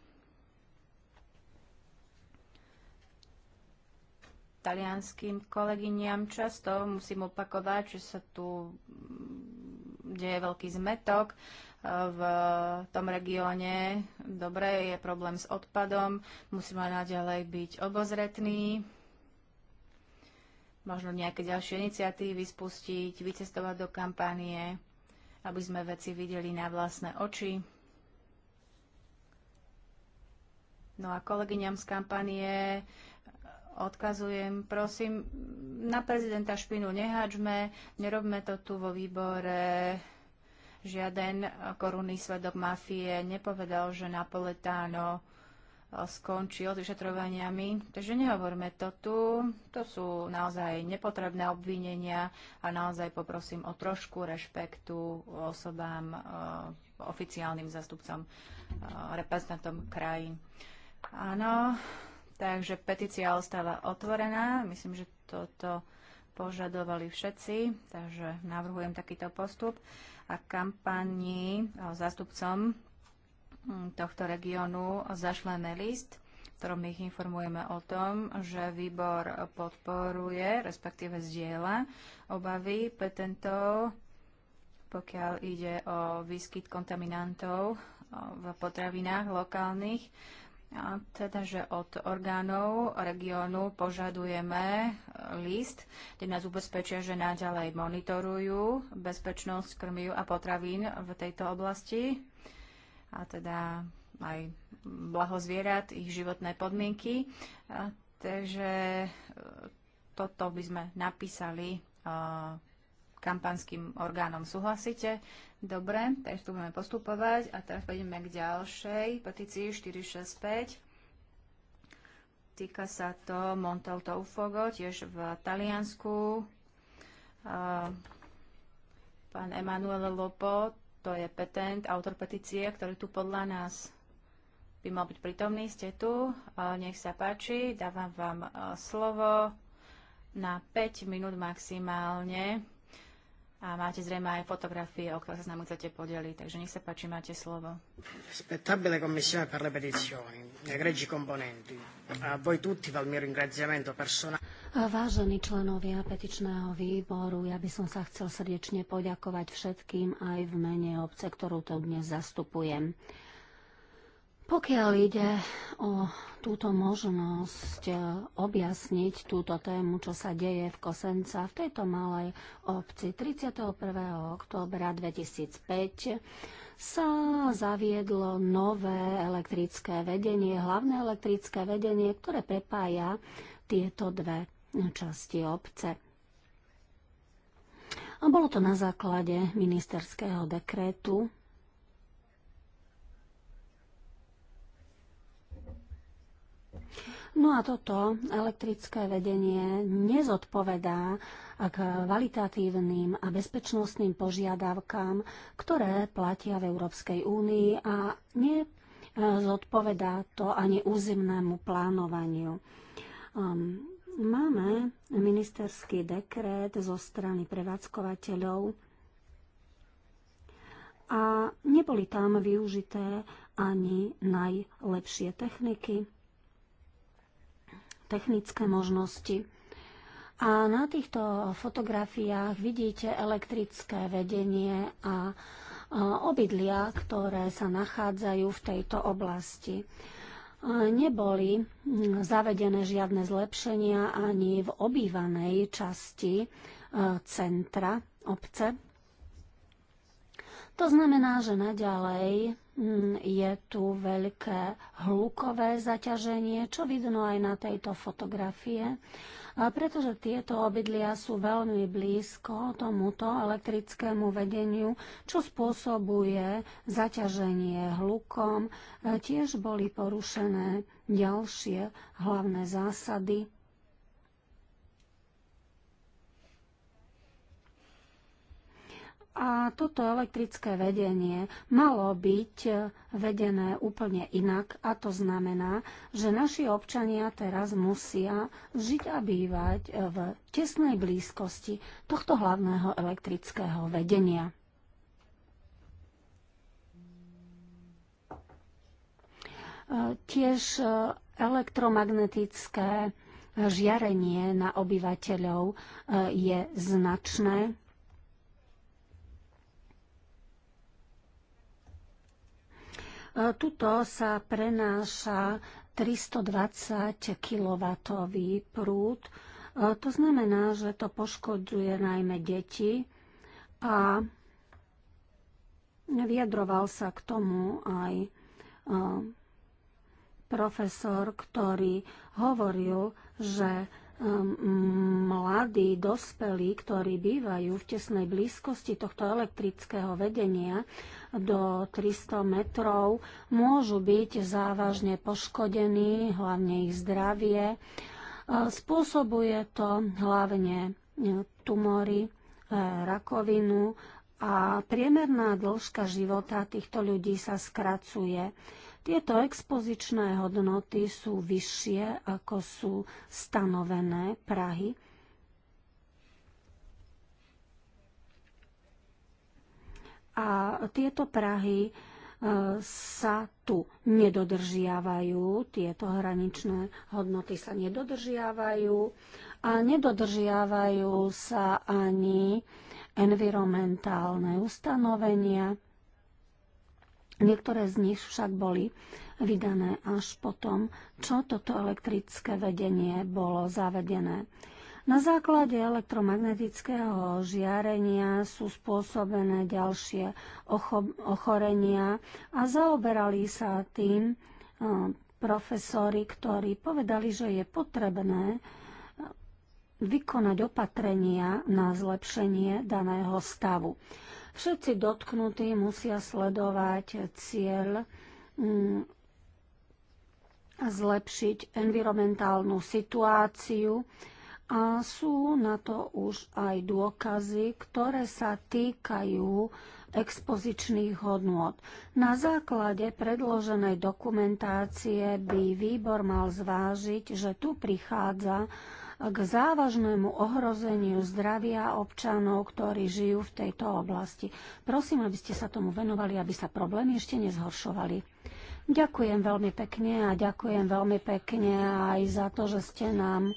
talianským kolegyniam často musím opakovať, že sa tu deje veľký zmetok e, v tom regióne. Dobre, je problém s odpadom, musíme naďalej byť obozretní, možno nejaké ďalšie iniciatívy spustiť, vycestovať do kampánie, aby sme veci videli na vlastné oči. No a kolegyňam z kampanie odkazujem, prosím, na prezidenta špinu nehačme, nerobme to tu vo výbore. Žiaden korunný svedok mafie nepovedal, že Napoletáno skončil s vyšetrovaniami. Takže nehovorme to tu. To sú naozaj nepotrebné obvinenia a naozaj poprosím o trošku rešpektu osobám, e, oficiálnym zastupcom, e, reprezentantom krajín. Áno, takže petícia ostáva otvorená. Myslím, že toto požadovali všetci, takže navrhujem takýto postup. A kampani e, zástupcom Mm, tohto regiónu zašleme list, v ktorom ich informujeme o tom, že výbor podporuje, respektíve zdieľa obavy petentov, pokiaľ ide o výskyt kontaminantov v potravinách lokálnych. A teda, že od orgánov regiónu požadujeme e, list, kde nás ubezpečia, že naďalej monitorujú bezpečnosť krmiu a potravín v tejto oblasti a teda aj blaho zvierat, ich životné podmienky. takže e, toto by sme napísali e, kampanským orgánom. Súhlasíte? Dobre, takže tu budeme postupovať a teraz pôjdeme k ďalšej petícii 465. Týka sa to Montel tiež v Taliansku. E, pán Emanuele Lopo to je petent, autor petície, ktorý tu podľa nás by mal byť prítomný. Ste tu, nech sa páči, dávam vám slovo na 5 minút maximálne. A máte zrejme aj fotografie, o ktoré sa s nami chcete podeliť, takže nech sa páči, máte slovo. Spettabile Commissione per le petizioni, egregi componenti, a voi tutti va ringraziamento personale. Vážení členovia petičného výboru, ja by som sa chcel srdečne poďakovať všetkým aj v mene obce, ktorú to dnes zastupujem. Pokiaľ ide o túto možnosť e, objasniť túto tému, čo sa deje v Kosenca, v tejto malej obci 31. októbra 2005 sa zaviedlo nové elektrické vedenie, hlavné elektrické vedenie, ktoré prepája tieto dve časti obce. A bolo to na základe ministerského dekrétu No a toto elektrické vedenie nezodpovedá k kvalitatívnym a bezpečnostným požiadavkám, ktoré platia v Európskej únii a nezodpovedá to ani územnému plánovaniu. Um, Máme ministerský dekret zo strany prevádzkovateľov a neboli tam využité ani najlepšie techniky, technické možnosti. A na týchto fotografiách vidíte elektrické vedenie a obydlia, ktoré sa nachádzajú v tejto oblasti neboli mm, zavedené žiadne zlepšenia ani v obývanej časti e, centra obce. To znamená, že naďalej Mm, je tu veľké hlukové zaťaženie, čo vidno aj na tejto fotografie, pretože tieto obydlia sú veľmi blízko tomuto elektrickému vedeniu, čo spôsobuje zaťaženie hlukom. E, tiež boli porušené ďalšie hlavné zásady A toto elektrické vedenie malo byť e, vedené úplne inak a to znamená, že naši občania teraz musia žiť a bývať e, v tesnej blízkosti tohto hlavného elektrického vedenia. E, tiež elektromagnetické žiarenie na obyvateľov je značné Tuto sa prenáša 320 kW prúd. E, to znamená, že to poškodzuje najmä deti a vyjadroval sa k tomu aj e, profesor, ktorý hovoril, že Ehm, mladí, dospelí, ktorí bývajú v tesnej blízkosti tohto elektrického vedenia do 300 metrov, môžu byť závažne poškodení, hlavne ich zdravie. Ehm, spôsobuje to hlavne e, tumory, e, rakovinu a priemerná dĺžka života týchto ľudí sa skracuje. Tieto expozičné hodnoty sú vyššie, ako sú stanovené Prahy. A tieto Prahy e, sa tu nedodržiavajú, tieto hraničné hodnoty sa nedodržiavajú a nedodržiavajú sa ani environmentálne ustanovenia. Niektoré z nich však boli vydané až potom, čo toto elektrické vedenie bolo zavedené. Na základe elektromagnetického žiarenia sú spôsobené ďalšie ocho- ochorenia a zaoberali sa tým e, profesori, ktorí povedali, že je potrebné vykonať opatrenia na zlepšenie daného stavu. Všetci dotknutí musia sledovať cieľ mm, zlepšiť environmentálnu situáciu a sú na to už aj dôkazy, ktoré sa týkajú expozičných hodnôt. Na základe predloženej dokumentácie by výbor mal zvážiť, že tu prichádza k závažnému ohrozeniu zdravia občanov, ktorí žijú v tejto oblasti. Prosím, aby ste sa tomu venovali, aby sa problémy ešte nezhoršovali. Ďakujem veľmi pekne a ďakujem veľmi pekne aj za to, že ste nám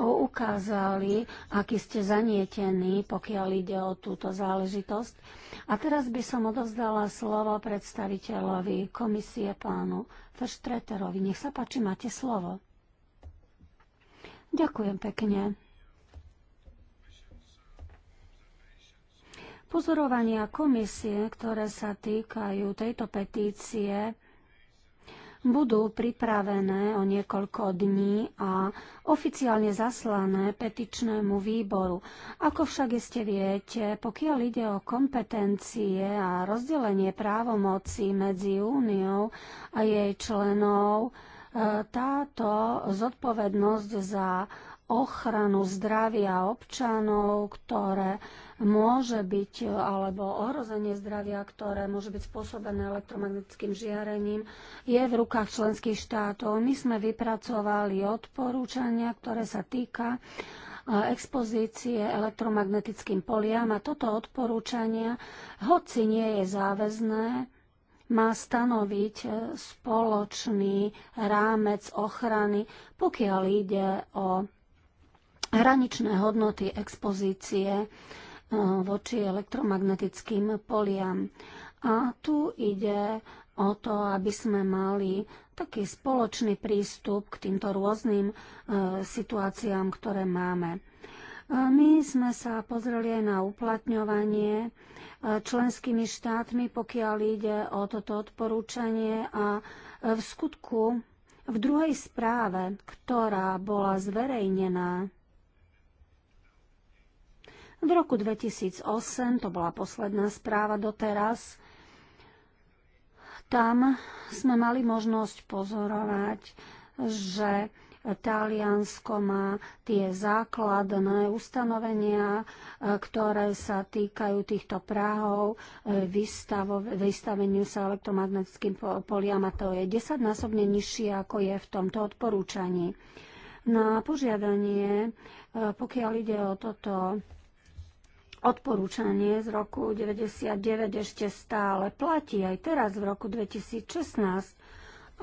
ukázali, aký ste zanietení, pokiaľ ide o túto záležitosť. A teraz by som odovzdala slovo predstaviteľovi komisie pánu Feštreterovi. Nech sa páči, máte slovo. Ďakujem pekne. Pozorovania komisie, ktoré sa týkajú tejto petície, budú pripravené o niekoľko dní a oficiálne zaslané petičnému výboru. Ako však ste viete, pokiaľ ide o kompetencie a rozdelenie právomocí medzi úniou a jej členov, E, táto zodpovednosť za ochranu zdravia občanov, ktoré môže byť, e, alebo ohrozenie zdravia, ktoré môže byť spôsobené elektromagnetickým žiarením, je v rukách členských štátov. My sme vypracovali odporúčania, ktoré sa týka e, expozície elektromagnetickým poliam a toto odporúčania, hoci nie je záväzné, má stanoviť e, spoločný rámec ochrany, pokiaľ ide o hraničné hodnoty expozície e, voči elektromagnetickým poliam. A tu ide o to, aby sme mali taký spoločný prístup k týmto rôznym e, situáciám, ktoré máme. my sme sa pozreli aj na uplatňovanie členskými štátmi, pokiaľ ide o toto odporúčanie a v skutku v druhej správe, ktorá bola zverejnená v roku 2008, to bola posledná správa doteraz, tam sme mali možnosť pozorovať, že Taliansko má tie základné ustanovenia, e, ktoré sa týkajú týchto práhov e, vystaveniu sa elektromagnetickým poliam a to je desaťnásobne nižšie, ako je v tomto odporúčaní. Na požiadanie, e, pokiaľ ide o toto odporúčanie z roku 1999 ešte stále platí aj teraz v roku 2016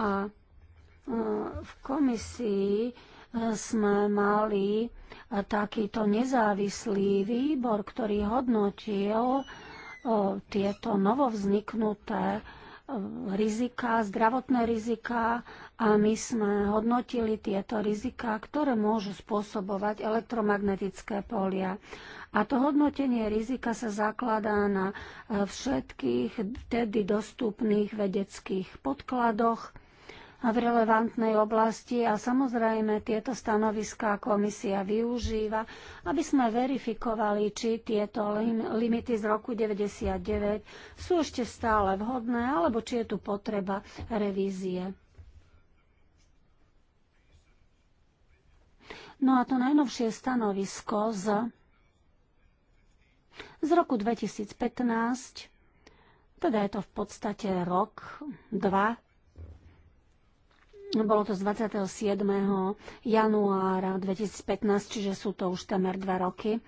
a Eh, v komisii eh, sme mali eh, takýto nezávislý výbor, ktorý hodnotil tieto novovzniknuté rizika, zdravotné rizika a my sme hodnotili tieto rizika, ktoré môžu spôsobovať elektromagnetické polia. A to hodnotenie rizika sa zakladá na všetkých vtedy dostupných vedeckých podkladoch v relevantnej oblasti a samozrejme tieto stanoviská komisia využíva, aby sme verifikovali, či tieto lim- limity z roku 99 sú ešte stále vhodné alebo či je tu potreba revízie. No a to najnovšie stanovisko z, z roku 2015, teda je to v podstate rok, dva bolo to z 27. januára 2015, čiže sú to už temer dva roky.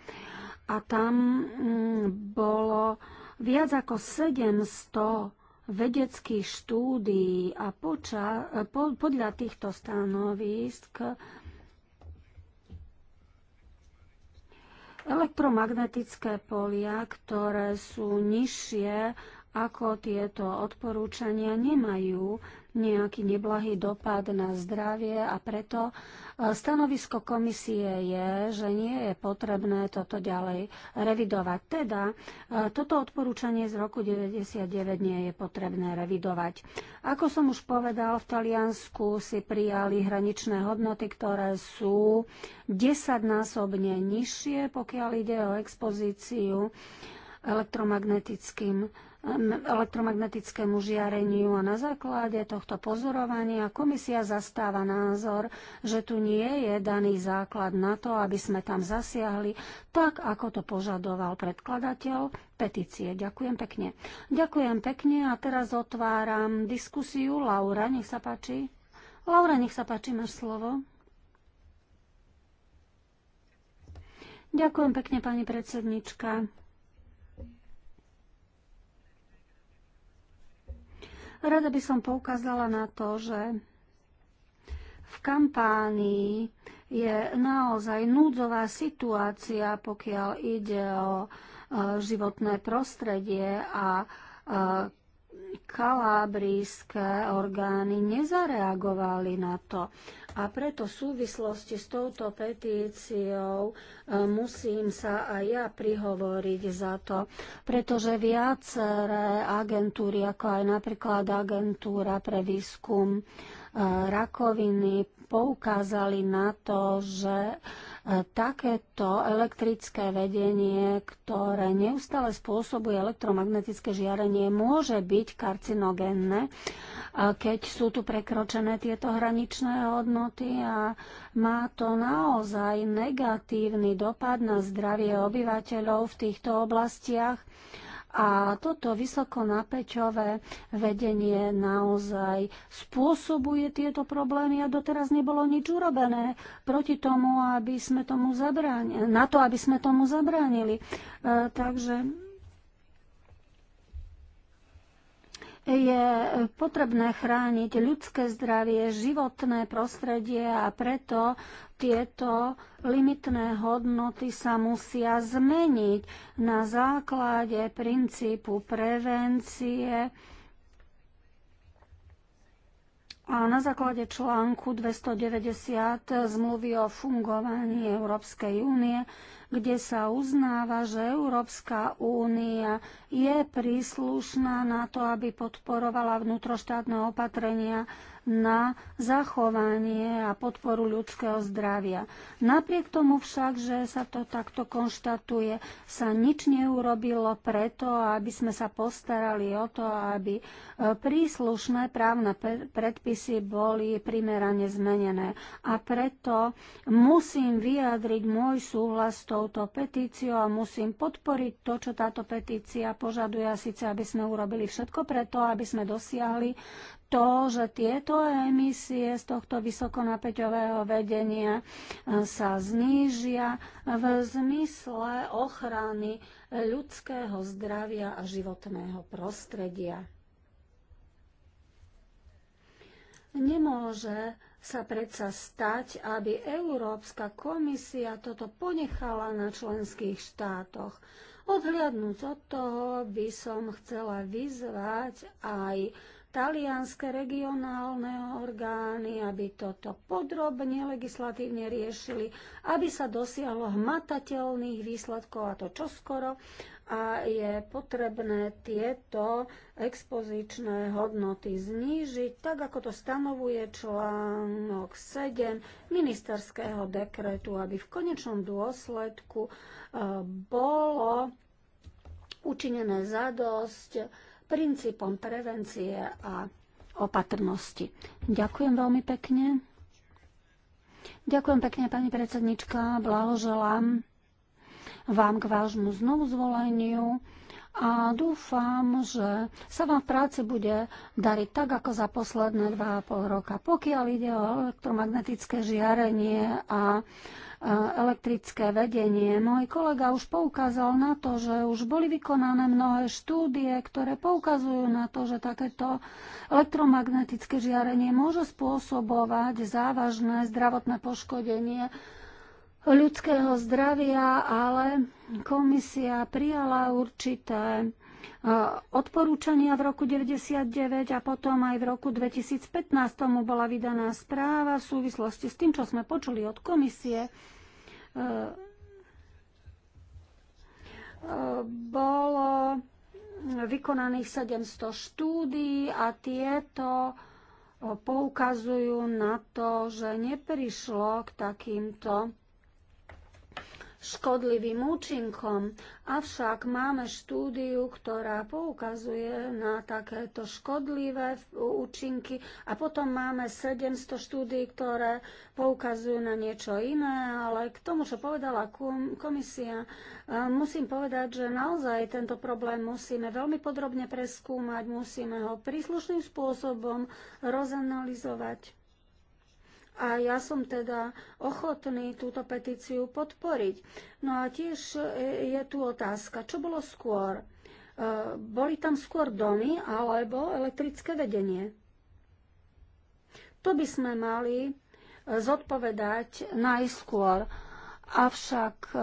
A tam mm, bolo viac ako 700 vedeckých štúdií a poča, po, podľa týchto stanovisk elektromagnetické polia, ktoré sú nižšie ako tieto odporúčania, nemajú nejaký neblahý dopad na zdravie a preto e, stanovisko komisie je, že nie je potrebné toto ďalej revidovať. Teda e, toto odporúčanie z roku 99 nie je potrebné revidovať. Ako som už povedal, v Taliansku si prijali hraničné hodnoty, ktoré sú 10-násobne nižšie, pokiaľ ide o expozíciu elektromagnetickým elektromagnetickému žiareniu a na základe tohto pozorovania komisia zastáva názor, že tu nie je daný základ na to, aby sme tam zasiahli tak, ako to požadoval predkladateľ petície. Ďakujem pekne. Ďakujem pekne a teraz otváram diskusiu. Laura, nech sa páči. Laura, nech sa páči, máš slovo. Ďakujem pekne, pani predsednička. Rada by som poukázala na to, že v kampánii je naozaj núdzová situácia, pokiaľ ide o e, životné prostredie a e, kalábrijské orgány nezareagovali na to. A preto v súvislosti s touto petíciou e, musím sa aj ja prihovoriť za to, pretože viaceré agentúry, ako aj napríklad agentúra pre výskum e, rakoviny, poukázali na to, že e, takéto elektrické vedenie, ktoré neustále spôsobuje elektromagnetické žiarenie, môže byť karcinogénne, keď sú tu prekročené tieto hraničné hodnoty hodnoty a má to naozaj negatívny dopad na zdravie obyvateľov v týchto oblastiach. A toto vysokonapäťové vedenie naozaj spôsobuje tieto problémy a doteraz nebolo nič urobené proti tomu, aby sme tomu zabránili, na to, aby sme tomu zabránili. E, takže je potrebné chrániť ľudské zdravie, životné prostredie a preto tieto limitné hodnoty sa musia zmeniť na základe princípu prevencie a na základe článku 290 zmluvy o fungovaní Európskej únie kde sa uznáva, že Európska únia je príslušná na to, aby podporovala vnútroštátne opatrenia na zachovanie a podporu ľudského zdravia. Napriek tomu však, že sa to takto konštatuje, sa nič neurobilo preto, aby sme sa postarali o to, aby e, príslušné právne predpisy boli primerane zmenené. A preto musím vyjadriť môj súhlas s touto petíciou a musím podporiť to, čo táto petícia požaduje, a síce, aby sme urobili všetko preto, aby sme dosiahli to, že tieto emisie z tohto vysokonapäťového vedenia e, sa znížia v zmysle ochrany ľudského zdravia a životného prostredia. Nemôže sa predsa stať, aby Európska komisia toto ponechala na členských štátoch. Odhľadnúť od toho by som chcela vyzvať aj talianské regionálne orgány, aby toto podrobne legislatívne riešili, aby sa dosiahlo hmatateľných výsledkov a to čoskoro. A je potrebné tieto expozičné hodnoty znížiť, tak ako to stanovuje článok 7 ministerského dekretu, aby v konečnom dôsledku eh, bolo učinené zadosť princípom prevencie a opatrnosti. Ďakujem veľmi pekne. Ďakujem pekne, pani predsednička. Blahoželám vám k vášmu znovu zvoleniu a dúfam, že sa vám v práci bude dariť tak, ako za posledné 2,5 roka. Pokiaľ ide o elektromagnetické žiarenie a elektrické vedenie. Môj kolega už poukázal na to, že už boli vykonané mnohé štúdie, ktoré poukazujú na to, že takéto elektromagnetické žiarenie môže spôsobovať závažné zdravotné poškodenie ľudského zdravia, ale komisia prijala určité e, odporúčania v roku 99 a potom aj v roku 2015 tomu bola vydaná správa v súvislosti s tým, čo sme počuli od komisie. E, bolo vykonaných 700 štúdí a tieto poukazujú na to, že neprišlo k takýmto škodlivým účinkom. Avšak máme štúdiu, ktorá poukazuje na takéto škodlivé účinky a potom máme 700 štúdií, ktoré poukazujú na niečo iné, ale k tomu, čo povedala komisia, e, musím povedať, že naozaj tento problém musíme veľmi podrobne preskúmať, musíme ho príslušným spôsobom rozanalizovať a ja som teda ochotný túto petíciu podporiť. No a tiež e, je tu otázka, čo bolo skôr? E, boli tam skôr domy alebo elektrické vedenie? To by sme mali e, zodpovedať najskôr. Avšak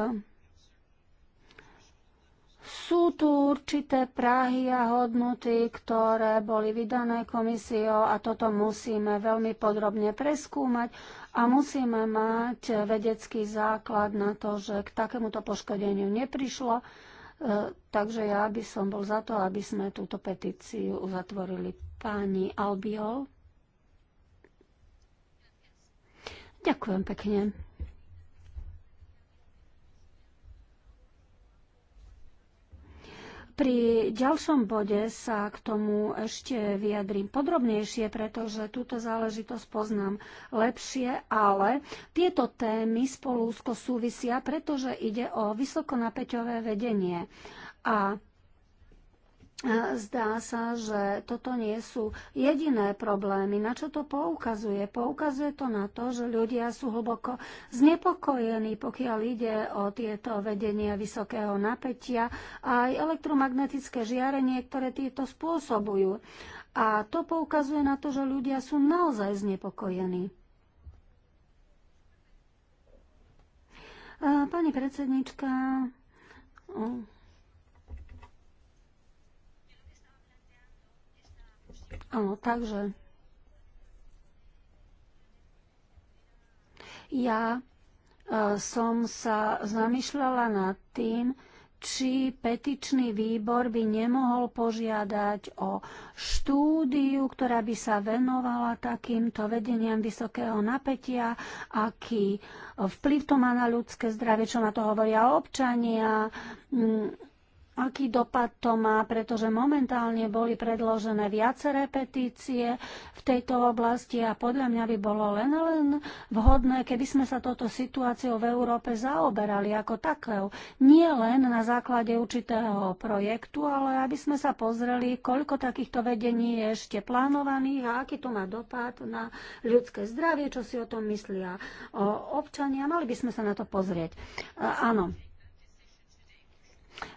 sú tu určité práhy a hodnoty, ktoré boli vydané komisiou a toto musíme veľmi podrobne preskúmať a musíme mať vedecký základ na to, že k takémuto poškodeniu neprišlo. E, takže ja by som bol za to, aby sme túto petíciu uzatvorili. Pani Albiol. Ďakujem pekne. Pri ďalšom bode sa k tomu ešte vyjadrím podrobnejšie, pretože túto záležitosť poznám lepšie, ale tieto témy spolu úzko súvisia, pretože ide o vysokonapäťové vedenie. A Zdá sa, že toto nie sú jediné problémy. Na čo to poukazuje? Poukazuje to na to, že ľudia sú hlboko znepokojení, pokiaľ ide o tieto vedenia vysokého napätia a aj elektromagnetické žiarenie, ktoré tieto spôsobujú. A to poukazuje na to, že ľudia sú naozaj znepokojení. Pani predsednička, Áno, takže ja e, som sa zamýšľala nad tým, či petičný výbor by nemohol požiadať o štúdiu, ktorá by sa venovala takýmto vedeniam vysokého napätia, aký vplyv to má na ľudské zdravie, čo na to hovoria občania, mm, aký dopad to má, pretože momentálne boli predložené viaceré petície v tejto oblasti a podľa mňa by bolo len, len vhodné, keby sme sa toto situáciou v Európe zaoberali ako takého. Nie len na základe určitého projektu, ale aby sme sa pozreli, koľko takýchto vedení je ešte plánovaných a aký to má dopad na ľudské zdravie, čo si o tom myslia občania. Mali by sme sa na to pozrieť. Áno,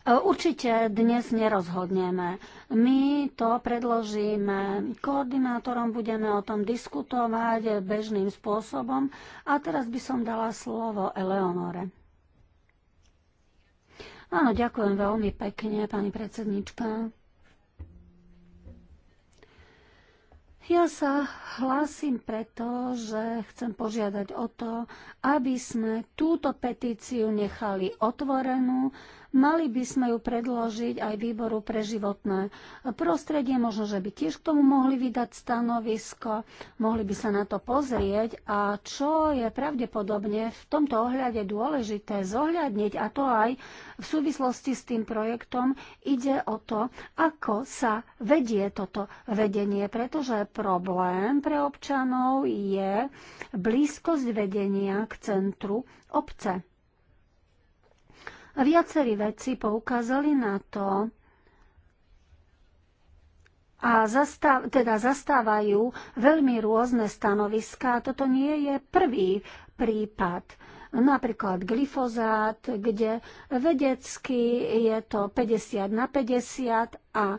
Určite dnes nerozhodneme. My to predložíme koordinátorom, budeme o tom diskutovať bežným spôsobom. A teraz by som dala slovo Eleonore. Áno, ďakujem veľmi pekne, pani predsednička. Ja sa hlásim preto, že chcem požiadať o to, aby sme túto petíciu nechali otvorenú, Mali by sme ju predložiť aj výboru pre životné prostredie, možno, že by tiež k tomu mohli vydať stanovisko, mohli by sa na to pozrieť a čo je pravdepodobne v tomto ohľade dôležité zohľadniť a to aj v súvislosti s tým projektom ide o to, ako sa vedie toto vedenie, pretože problém pre občanov je blízkosť vedenia k centru obce. A viacerí veci poukázali na to, a zastav, teda zastávajú veľmi rôzne stanoviská. Toto nie je prvý prípad napríklad glyfozát, kde vedecky je to 50 na 50 a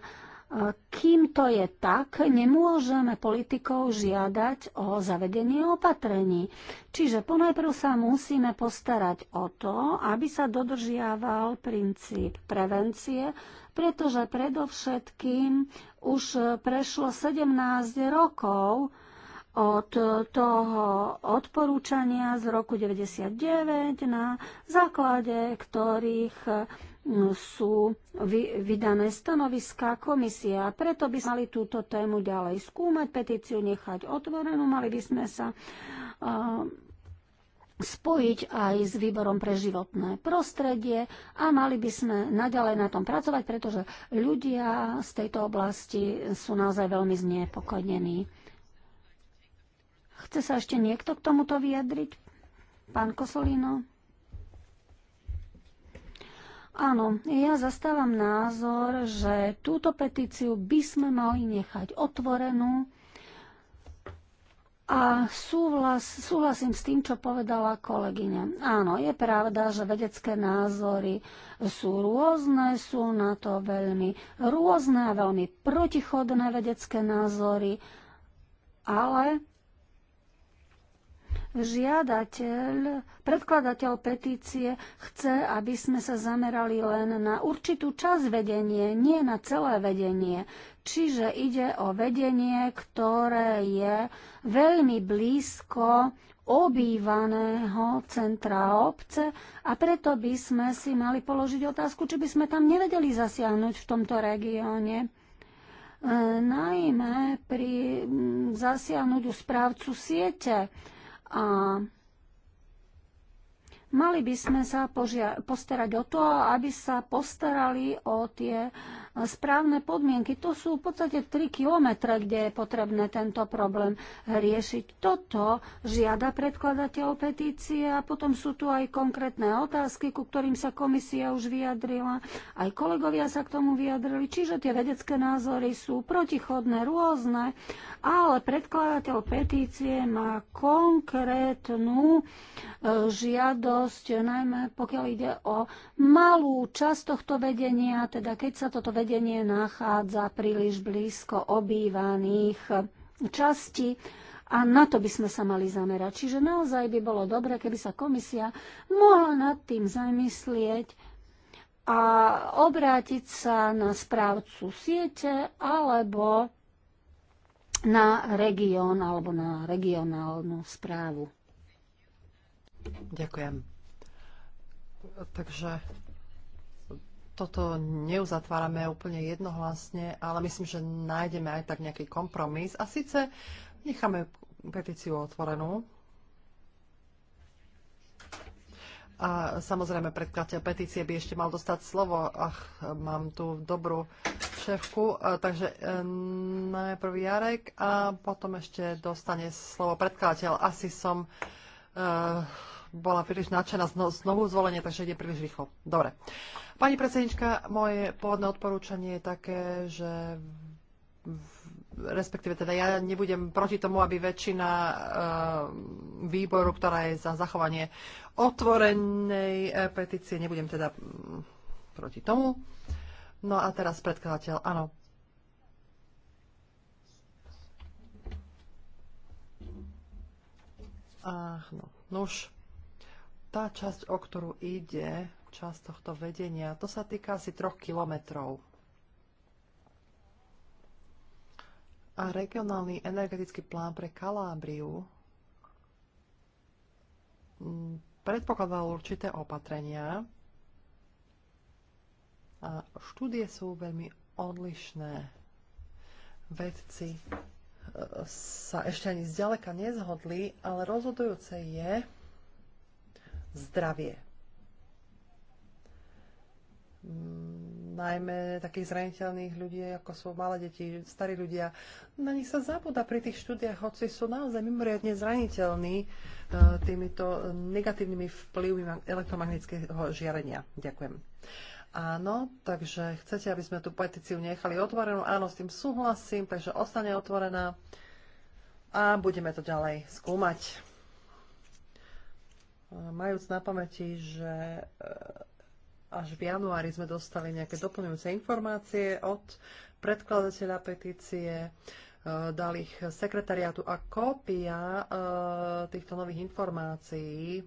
kým to je tak, nemôžeme politikov žiadať o zavedenie opatrení. Čiže ponajprv sa musíme postarať o to, aby sa dodržiaval princíp prevencie, pretože predovšetkým už prešlo 17 rokov, od toho odporúčania z roku 99, na základe ktorých No, sú vydané stanoviská komisie a preto by sme mali túto tému ďalej skúmať, petíciu nechať otvorenú, mali by sme sa uh, spojiť aj s výborom pre životné prostredie a mali by sme naďalej na tom pracovať, pretože ľudia z tejto oblasti sú naozaj veľmi znepokojení. Chce sa ešte niekto k tomuto vyjadriť? Pán Kosolino? Áno, ja zastávam názor, že túto petíciu by sme mali nechať otvorenú a súhlas, súhlasím s tým, čo povedala kolegyňa. Áno, je pravda, že vedecké názory sú rôzne, sú na to veľmi rôzne a veľmi protichodné vedecké názory, ale žiadateľ, predkladateľ petície chce, aby sme sa zamerali len na určitú čas vedenie, nie na celé vedenie. Čiže ide o vedenie, ktoré je veľmi blízko obývaného centra obce a preto by sme si mali položiť otázku, či by sme tam nevedeli zasiahnuť v tomto regióne e, najmä pri zasiahnuť u správcu siete. A mali by sme sa postarať o to, aby sa postarali o tie správne podmienky. To sú v podstate 3 kilometre, kde je potrebné tento problém riešiť. Toto žiada predkladateľ petície a potom sú tu aj konkrétne otázky, ku ktorým sa komisia už vyjadrila. Aj kolegovia sa k tomu vyjadrili, čiže tie vedecké názory sú protichodné, rôzne, ale predkladateľ petície má konkrétnu e, žiadosť, najmä pokiaľ ide o malú časť tohto vedenia, teda keď sa toto vedenie zariadenie nachádza príliš blízko obývaných častí a na to by sme sa mali zamerať. Čiže naozaj by bolo dobre, keby sa komisia mohla nad tým zamyslieť a obrátiť sa na správcu siete alebo na región alebo na regionálnu správu. Ďakujem. Takže toto neuzatvárame úplne jednohlasne, ale myslím, že nájdeme aj tak nejaký kompromis. A síce necháme petíciu otvorenú. A samozrejme, predkladateľ petície by ešte mal dostať slovo. Ach, mám tu dobrú šéfku. E, takže e, najprv Jarek a potom ešte dostane slovo predkladateľ. Asi som uh, bola príliš nadšená znovu zvolenie, takže ide príliš rýchlo. Dobre. Pani predsednička, moje pôvodné odporúčanie je také, že respektíve teda ja nebudem proti tomu, aby väčšina uh, výboru, ktorá je za zachovanie otvorenej e, petície, nebudem teda mm, proti tomu. No a teraz predkladateľ, áno. Ach, no, už, tá časť, o ktorú ide, časť tohto vedenia, to sa týka asi troch kilometrov. A regionálny energetický plán pre Kalábriu mm, predpokladal určité opatrenia a štúdie sú veľmi odlišné. Vedci e, sa ešte ani zďaleka nezhodli, ale rozhodujúce je, zdravie. Najmä takých zraniteľných ľudí, ako sú malé deti, starí ľudia. Na nich sa zabúda pri tých štúdiách, hoci sú naozaj mimoriadne zraniteľní e, týmito negatívnymi vplyvmi elektromagnetického žiarenia. Ďakujem. Áno, takže chcete, aby sme tú petíciu nechali otvorenú? Áno, s tým súhlasím, takže ostane otvorená a budeme to ďalej skúmať majúc na pamäti, že e, až v januári sme dostali nejaké doplňujúce informácie od predkladateľa petície, e, dal ich sekretariátu a kópia e, týchto nových informácií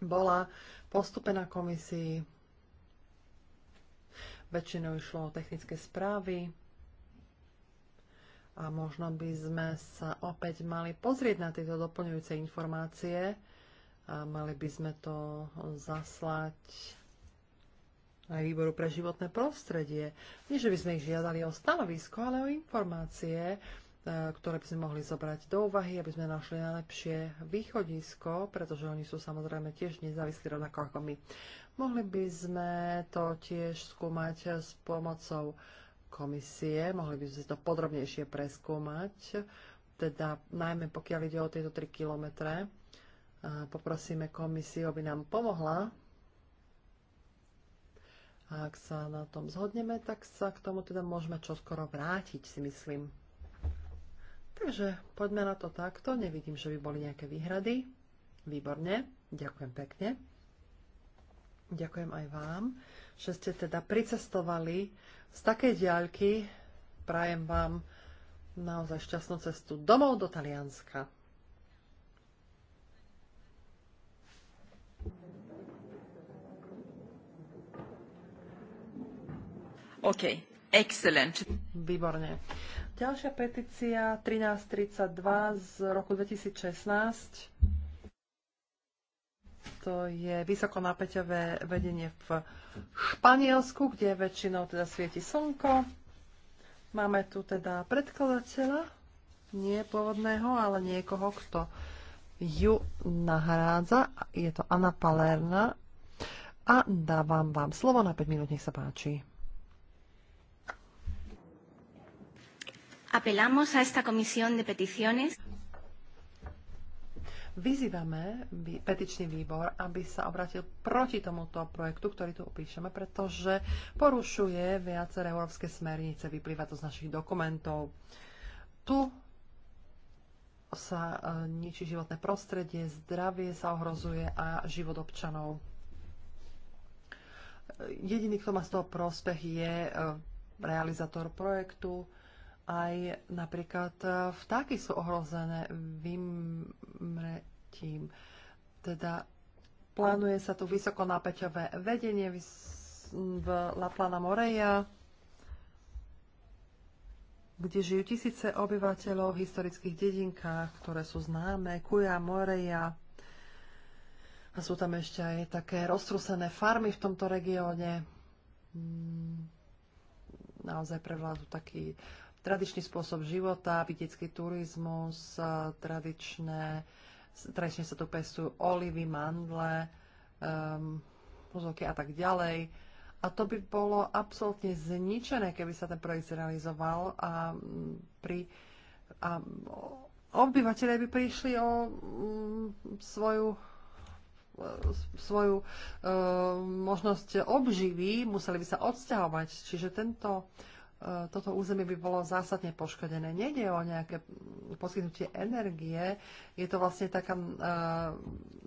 bola postupená komisii. Väčšinou išlo o technické správy a možno by sme sa opäť mali pozrieť na tieto doplňujúce informácie a mali by sme to zaslať aj výboru pre životné prostredie. Nie, že by sme ich žiadali o stanovisko, ale o informácie, e, ktoré by sme mohli zobrať do úvahy, aby sme našli najlepšie východisko, pretože oni sú samozrejme tiež nezávislí rovnako ako my. Mohli by sme to tiež skúmať s pomocou komisie, mohli by sme to podrobnejšie preskúmať, teda najmä pokiaľ ide o tieto 3 kilometre poprosíme komisiu, aby nám pomohla. A ak sa na tom zhodneme, tak sa k tomu teda môžeme čoskoro vrátiť, si myslím. Takže poďme na to takto. Nevidím, že by boli nejaké výhrady. Výborne. Ďakujem pekne. Ďakujem aj vám, že ste teda pricestovali z takej diaľky. Prajem vám naozaj šťastnú cestu domov do Talianska. Výborne. Ďalšia petícia 1332 z roku 2016. To je vysokonapäťové vedenie v Španielsku, kde väčšinou teda svieti slnko. Máme tu teda predkladateľa, nie pôvodného, ale niekoho, kto ju nahrádza. Je to Anna Palerna. A dávam vám slovo na 5 minút, nech sa páči. Apelamos a esta comisión de peticiones. Vyzývame petičný výbor, aby sa obratil proti tomuto projektu, ktorý tu opíšeme, pretože porušuje viaceré európske smernice, vyplýva to z našich dokumentov. Tu sa e, ničí životné prostredie, zdravie sa ohrozuje a život občanov. Jediný, kto má z toho prospech, je e, realizátor projektu, aj napríklad e, vtáky sú ohrozené vymretím. Teda plánuje sa tu vysokonápeťové vedenie v Laplana Moreja, kde žijú tisíce obyvateľov v historických dedinkách, ktoré sú známe, Kuja, Moreja. A sú tam ešte aj také roztrusené farmy v tomto regióne. Hmm, naozaj prevládu uh, tradičný spôsob života, vidiecký turizmus, tradičné, tradične sa tu pestujú olivy, mandle, um, pozolky a tak ďalej. A to by bolo absolútne zničené, keby sa ten projekt zrealizoval a, mm, pri, a obyvateľe by prišli o mm, svoju svoju e, možnosť obživy, museli by sa odsťahovať. Čiže tento E, toto územie by bolo zásadne poškodené. Nejde o nejaké poskytnutie energie, je to vlastne taká uh,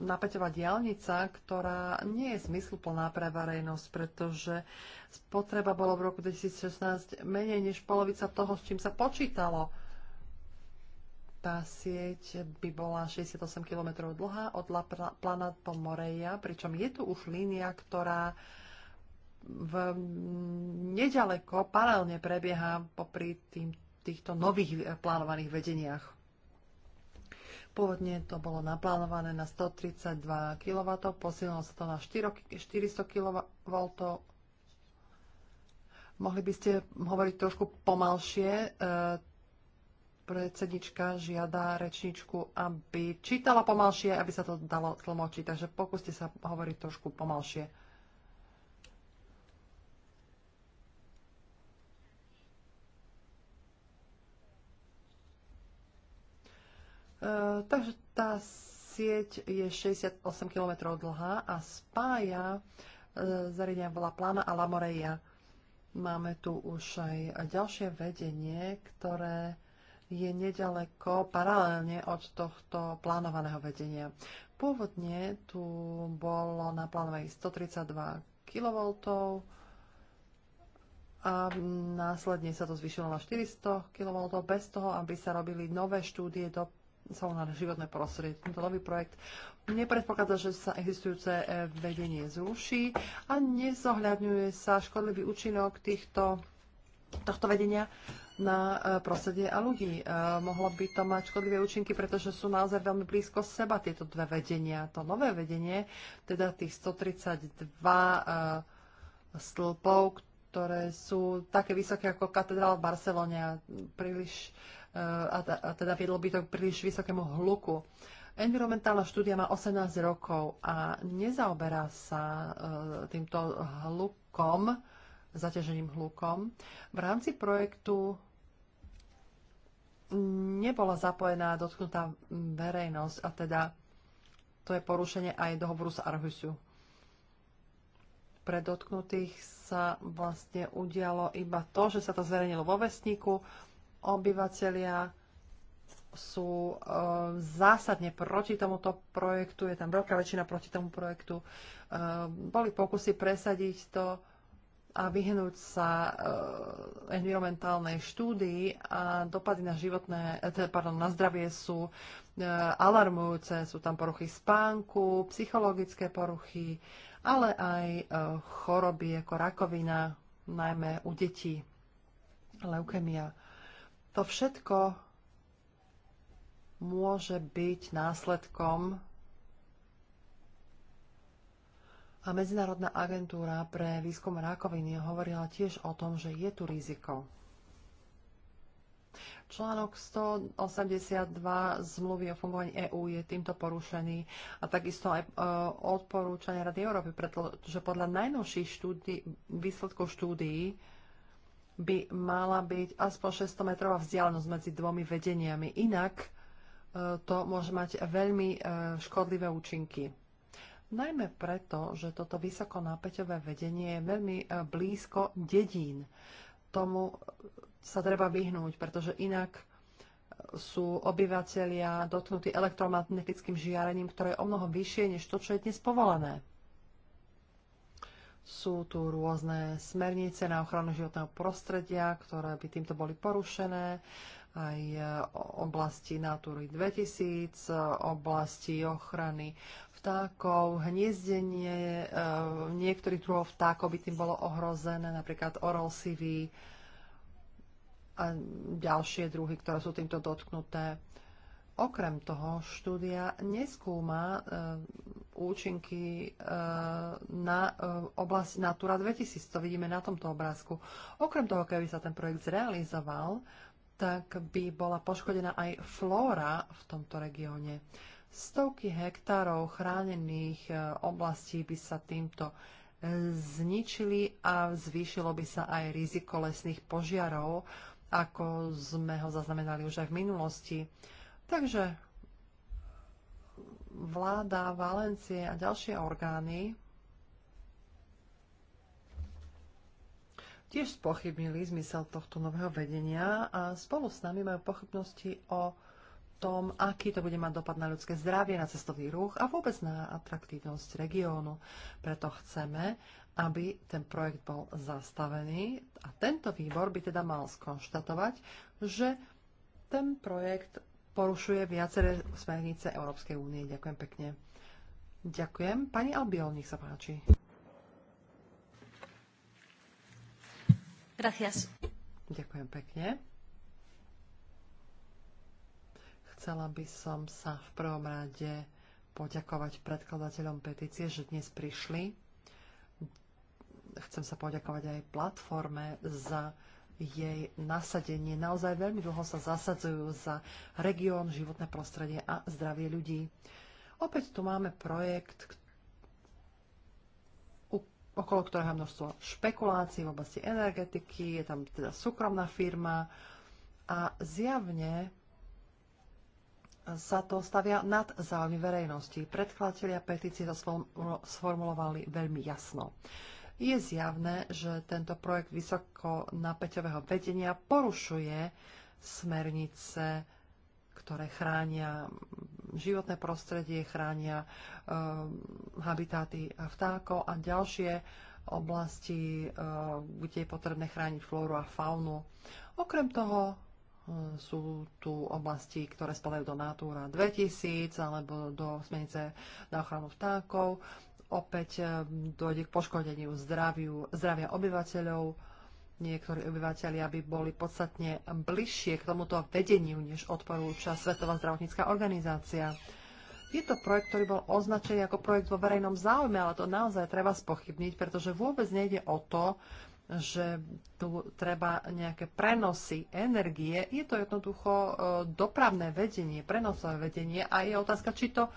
napäťová diálnica, ktorá nie je zmysluplná pre verejnosť, pretože spotreba bolo v roku 2016 menej než polovica toho, s čím sa počítalo. Tá sieť by bola 68 km dlhá od La Plana po Moreja, pričom je tu už línia, ktorá v nedaleko paralelne prebieha popri tým, týchto nových eh, plánovaných vedeniach. Pôvodne to bolo naplánované na 132 kW, posilnilo sa to na 400 kV. Mohli by ste hovoriť trošku pomalšie. Eh, predsednička žiada rečničku, aby čítala pomalšie, aby sa to dalo tlmočiť. Takže pokúste sa hovoriť trošku pomalšie. E, takže tá sieť je 68 km dlhá a spája e, zariadenia bola Plána a Lamoreja. Máme tu už aj ďalšie vedenie, ktoré je nedaleko paralelne od tohto plánovaného vedenia. Pôvodne tu bolo na plánovej 132 kV a následne sa to zvyšilo na 400 kV bez toho, aby sa robili nové štúdie do sa životné prostredie. Tento nový projekt nepredpokladá, že sa existujúce e, vedenie zruší a nezohľadňuje sa škodlivý účinok týchto, tohto vedenia na e, prostredie a ľudí. E, mohlo by to mať škodlivé účinky, pretože sú naozaj veľmi blízko seba tieto dve vedenia. To nové vedenie, teda tých 132 stĺpov, ktoré sú také vysoké ako katedrála v Barcelone a príliš a teda viedlo by to k príliš vysokému hluku. Environmentálna štúdia má 18 rokov a nezaoberá sa e, týmto hlukom, zaťažením hlukom. V rámci projektu nebola zapojená dotknutá verejnosť a teda to je porušenie aj dohovoru z Arhusu. Pre dotknutých sa vlastne udialo iba to, že sa to zverejnilo vo vestníku, Obyvatelia sú e, zásadne proti tomuto projektu, je tam veľká väčšina proti tomu projektu. E, boli pokusy presadiť to a vyhnúť sa e, environmentálnej štúdii a dopady na životné, e, pardon, na zdravie sú e, alarmujúce, sú tam poruchy spánku, psychologické poruchy, ale aj e, choroby ako rakovina, najmä u detí, leukemia. To všetko môže byť následkom a Medzinárodná agentúra pre výskum rakoviny hovorila tiež o tom, že je tu riziko. Článok 182 zmluvy o fungovaní EÚ je týmto porušený a takisto aj odporúčanie odporúčania Rady Európy, pretože podľa najnovších štúdí, výsledkov štúdií by mala byť aspoň 600 metrová vzdialenosť medzi dvomi vedeniami. Inak e, to môže mať veľmi e, škodlivé účinky. Najmä preto, že toto vysokonápeťové vedenie je veľmi e, blízko dedín. Tomu sa treba vyhnúť, pretože inak sú obyvateľia dotknutí elektromagnetickým žiarením, ktoré je o mnoho vyššie než to, čo je dnes povolené. Sú tu rôzne smernice na ochranu životného prostredia, ktoré by týmto boli porušené, aj e, oblasti Natúry 2000, e, oblasti ochrany vtákov, hniezdenie e, niektorých druhov vtákov by tým bolo ohrozené, napríklad orol sivý a ďalšie druhy, ktoré sú týmto dotknuté. Okrem toho štúdia neskúma e, účinky e, na e, oblasť Natura 2000, to vidíme na tomto obrázku. Okrem toho, keby sa ten projekt zrealizoval, tak by bola poškodená aj flóra v tomto regióne. Stovky hektárov chránených e, oblastí by sa týmto e, zničili a zvýšilo by sa aj riziko lesných požiarov, ako sme ho zaznamenali už aj v minulosti. Takže vláda Valencie a ďalšie orgány tiež spochybnili zmysel tohto nového vedenia a spolu s nami majú pochybnosti o tom, aký to bude mať dopad na ľudské zdravie, na cestový ruch a vôbec na atraktívnosť regiónu. Preto chceme, aby ten projekt bol zastavený a tento výbor by teda mal skonštatovať, že ten projekt porušuje viaceré smernice Európskej únie. Ďakujem pekne. Ďakujem. Pani Albiol, nech sa páči. Gracias. Ďakujem pekne. Chcela by som sa v prvom rade poďakovať predkladateľom petície, že dnes prišli. Chcem sa poďakovať aj platforme za jej nasadenie. Naozaj veľmi dlho sa zasadzujú za región, životné prostredie a zdravie ľudí. Opäť tu máme projekt, okolo ktorého je množstvo špekulácií v oblasti energetiky, je tam teda súkromná firma a zjavne sa to stavia nad záujmy verejnosti. Predkladatelia petície to sformulovali veľmi jasno je zjavné, že tento projekt vysoko napäťového vedenia porušuje smernice, ktoré chránia životné prostredie, chránia e, habitáty vtákov a ďalšie oblasti, e, kde je potrebné chrániť flóru a faunu. Okrem toho eh, sú tu oblasti, ktoré spadajú do Natúra 2000 alebo do smernice na ochranu vtákov opäť eh, dojde k poškodeniu zdraviu, zdravia obyvateľov. Niektorí obyvateľia by boli podstatne bližšie k tomuto vedeniu, než odporúča Svetová zdravotnícká organizácia. Je to projekt, ktorý bol označený ako projekt vo verejnom záujme, ale to naozaj treba spochybniť, pretože vôbec nejde o to, že tu treba nejaké prenosy energie. Je to jednoducho eh, dopravné vedenie, prenosové vedenie a je otázka, či to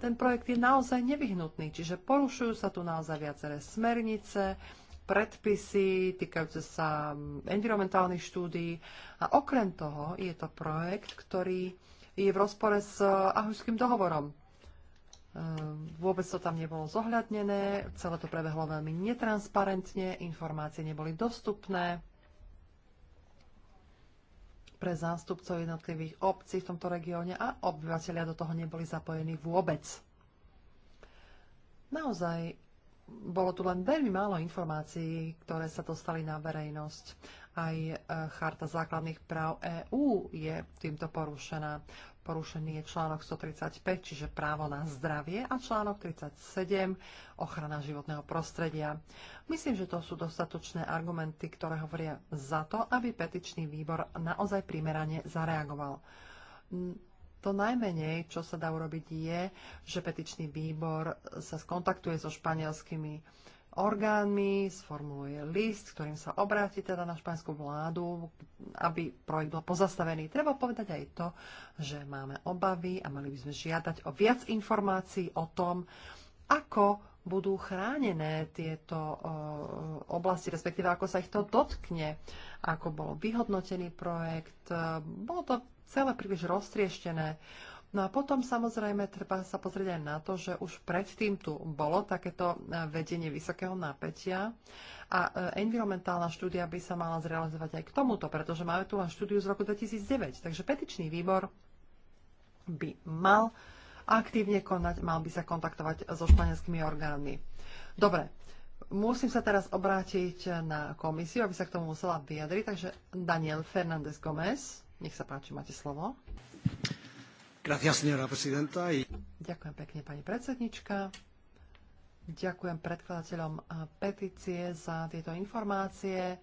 ten projekt je naozaj nevyhnutný. Čiže porušujú sa tu naozaj viaceré smernice, predpisy týkajúce sa environmentálnych štúdií. A okrem toho je to projekt, ktorý je v rozpore s Ahojským dohovorom. Ehm, vôbec to tam nebolo zohľadnené, celé to prebehlo veľmi netransparentne, informácie neboli dostupné pre zástupcov jednotlivých obcí v tomto regióne a obyvateľia do toho neboli zapojení vôbec. Naozaj bolo tu len veľmi málo informácií, ktoré sa dostali na verejnosť. Aj e, Charta základných práv EÚ je týmto porušená. Porušený je článok 135, čiže právo na zdravie a článok 37, ochrana životného prostredia. Myslím, že to sú dostatočné argumenty, ktoré hovoria za to, aby petičný výbor naozaj primerane zareagoval. To najmenej, čo sa dá urobiť, je, že petičný výbor sa skontaktuje so španielskými orgánmi, sformuluje list, ktorým sa obráti teda na španskú vládu, aby projekt bol pozastavený. Treba povedať aj to, že máme obavy a mali by sme žiadať o viac informácií o tom, ako budú chránené tieto oblasti, respektíve ako sa ich to dotkne, ako bol vyhodnotený projekt. bolo to celé príliš roztrieštené. No a potom samozrejme treba sa pozrieť aj na to, že už predtým tu bolo takéto e, vedenie vysokého napätia a e, environmentálna štúdia by sa mala zrealizovať aj k tomuto, pretože máme tu len štúdiu z roku 2009. Takže petičný výbor by mal aktívne konať, mal by sa kontaktovať so španielskými orgánmi. Dobre, musím sa teraz obrátiť na komisiu, aby sa k tomu musela vyjadriť. Takže Daniel Fernández Gómez, nech sa páči, máte slovo. Ďakujem pekne, pani predsednička. Ďakujem predkladateľom petície za tieto informácie,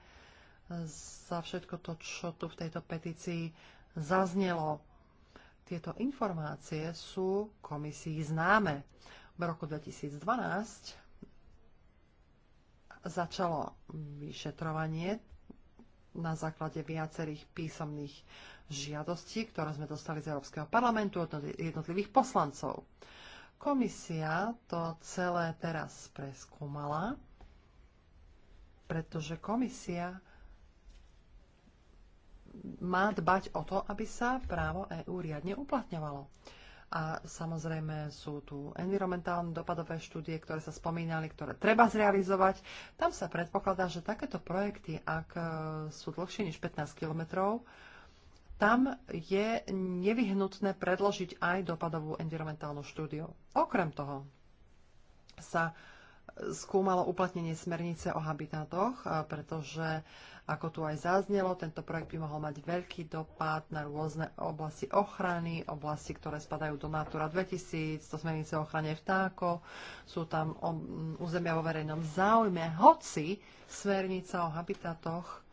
za všetko to, čo tu v tejto petícii zaznelo. Tieto informácie sú komisii známe. V roku 2012 začalo vyšetrovanie na základe viacerých písomných žiadosti, ktoré sme dostali z Európskeho parlamentu od jednotlivých poslancov. Komisia to celé teraz preskúmala, pretože komisia má dbať o to, aby sa právo EÚ riadne uplatňovalo. A samozrejme sú tu environmentálne dopadové štúdie, ktoré sa spomínali, ktoré treba zrealizovať. Tam sa predpokladá, že takéto projekty, ak e, sú dlhšie než 15 kilometrov, tam je nevyhnutné predložiť aj dopadovú environmentálnu štúdiu. Okrem toho sa skúmalo uplatnenie smernice o habitatoch, pretože, ako tu aj zaznelo, tento projekt by mohol mať veľký dopad na rôzne oblasti ochrany, oblasti, ktoré spadajú do Natura 2000, to smernice o ochrane vtákov, sú tam um, územia vo verejnom záujme, hoci smernica o habitatoch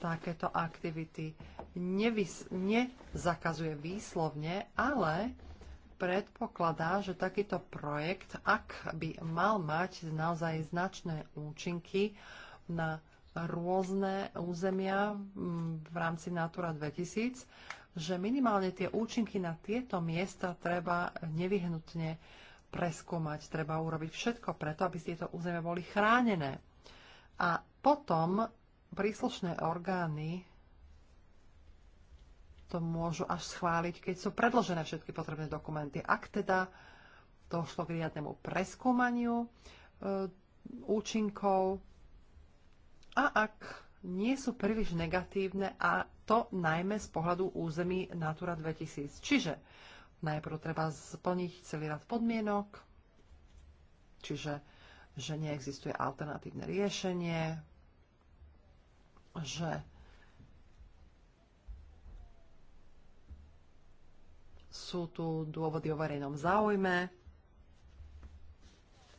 takéto aktivity nevys- nezakazuje výslovne, ale predpokladá, že takýto projekt, ak by mal mať naozaj značné účinky na rôzne územia v rámci Natura 2000, že minimálne tie účinky na tieto miesta treba nevyhnutne preskúmať. Treba urobiť všetko preto, aby tieto územia boli chránené. A potom príslušné orgány to môžu až schváliť, keď sú predložené všetky potrebné dokumenty. Ak teda došlo k riadnemu preskúmaniu e, účinkov a ak nie sú príliš negatívne a to najmä z pohľadu území Natura 2000. Čiže najprv treba splniť celý rad podmienok, čiže že neexistuje alternatívne riešenie, že sú tu dôvody o verejnom záujme.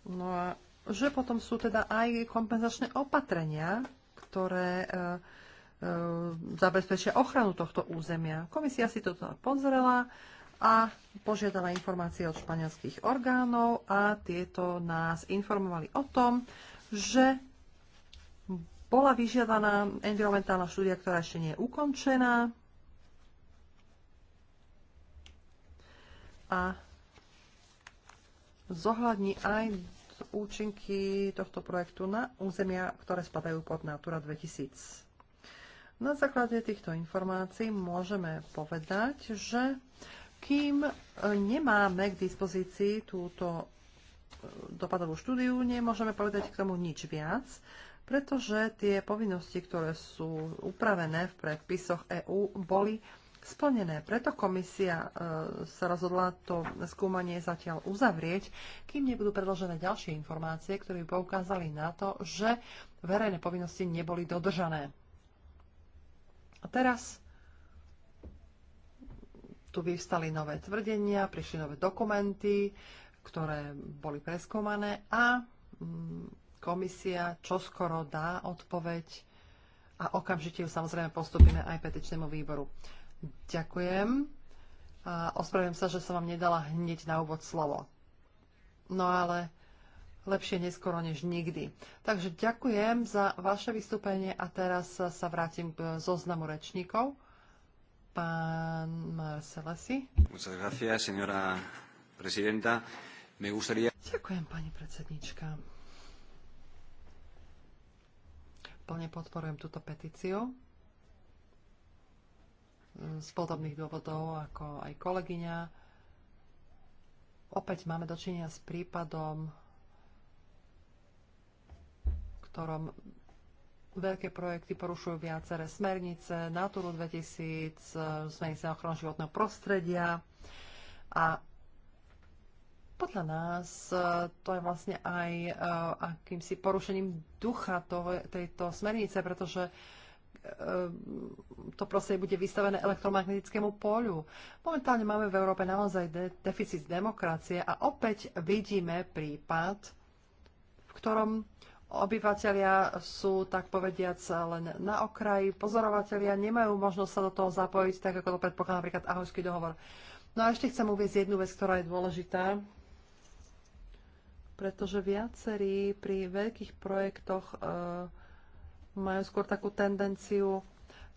No a že potom sú teda aj kompenzačné opatrenia, ktoré e, e, zabezpečia ochranu tohto územia. Komisia si to teda pozrela a požiadala informácie od španielských orgánov a tieto nás informovali o tom, že bola vyžiadaná environmentálna štúdia, ktorá ešte nie je ukončená. A zohľadní aj účinky tohto projektu na územia, ktoré spadajú pod Natura 2000. Na základe týchto informácií môžeme povedať, že kým nemáme k dispozícii túto dopadovú štúdiu, nemôžeme povedať k tomu nič viac pretože tie povinnosti, ktoré sú upravené v predpisoch EÚ, boli splnené. Preto komisia e, sa rozhodla to skúmanie zatiaľ uzavrieť, kým nebudú predložené ďalšie informácie, ktoré by poukázali na to, že verejné povinnosti neboli dodržané. A teraz tu vyvstali nové tvrdenia, prišli nové dokumenty, ktoré boli preskúmané a mm, komisia čoskoro dá odpoveď a okamžite ju samozrejme postupíme aj petičnému výboru. Ďakujem. A ospravedlňujem sa, že som vám nedala hneď na úvod slovo. No ale lepšie neskoro než nikdy. Takže ďakujem za vaše vystúpenie a teraz sa vrátim k zoznamu rečníkov. Pán Marcelesi. Ďakujem, pani predsednička. plne podporujem túto petíciu mm, z podobných dôvodov ako aj kolegyňa. Opäť máme dočinia s prípadom, ktorom veľké projekty porušujú viaceré smernice, Natúru 2000, e, smernice na ochranu životného prostredia a podľa nás e, to je vlastne aj e, akýmsi porušením ducha toho, tejto smernice, pretože e, to proste bude vystavené elektromagnetickému poľu. Momentálne máme v Európe naozaj de- deficit demokracie a opäť vidíme prípad, v ktorom obyvateľia sú, tak povediac, len na okraji. Pozorovatelia nemajú možnosť sa do toho zapojiť, tak ako to predpokladá napríklad Ahojský dohovor. No a ešte chcem uvieť jednu vec, ktorá je dôležitá pretože viacerí pri veľkých projektoch e, majú skôr takú tendenciu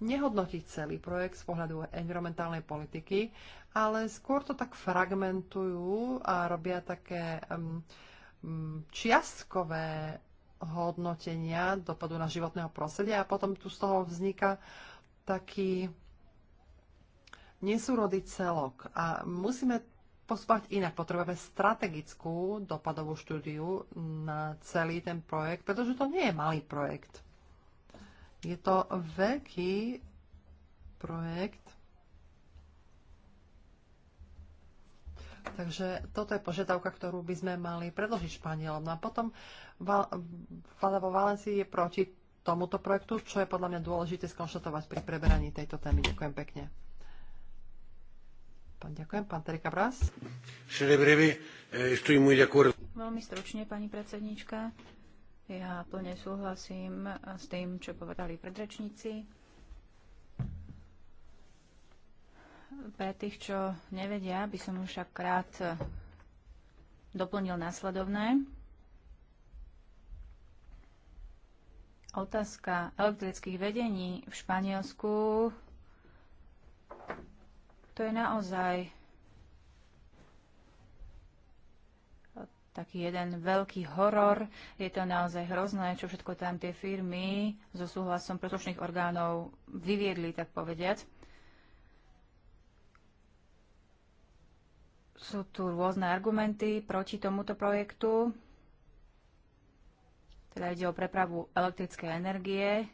nehodnotiť celý projekt z pohľadu environmentálnej politiky, ale skôr to tak fragmentujú a robia také um, čiastkové hodnotenia dopadu na životného prostredia a potom tu z toho vzniká taký nesúrodý celok. A musíme postupovať inak. Potrebujeme strategickú dopadovú štúdiu na celý ten projekt, pretože to nie je malý projekt. Je to veľký projekt. Takže toto je požiadavka, ktorú by sme mali predložiť Španielom. No a potom vláda vo Valencii je proti tomuto projektu, čo je podľa mňa dôležité skonštatovať pri preberaní tejto témy. Ďakujem pekne ďakujem. Pán Terika Brás. Eh, Veľmi stručne, pani predsednička. Ja plne súhlasím s tým, čo povedali predrečníci. Pre tých, čo nevedia, by som však krát doplnil následovné. Otázka elektrických vedení v Španielsku to je naozaj eh, taký jeden veľký horor. Je to naozaj hrozné, čo všetko tam tie firmy so súhlasom príslušných orgánov vyviedli, tak povediať. Sú tu rôzne argumenty proti tomuto projektu. Teda ide o prepravu elektrické energie.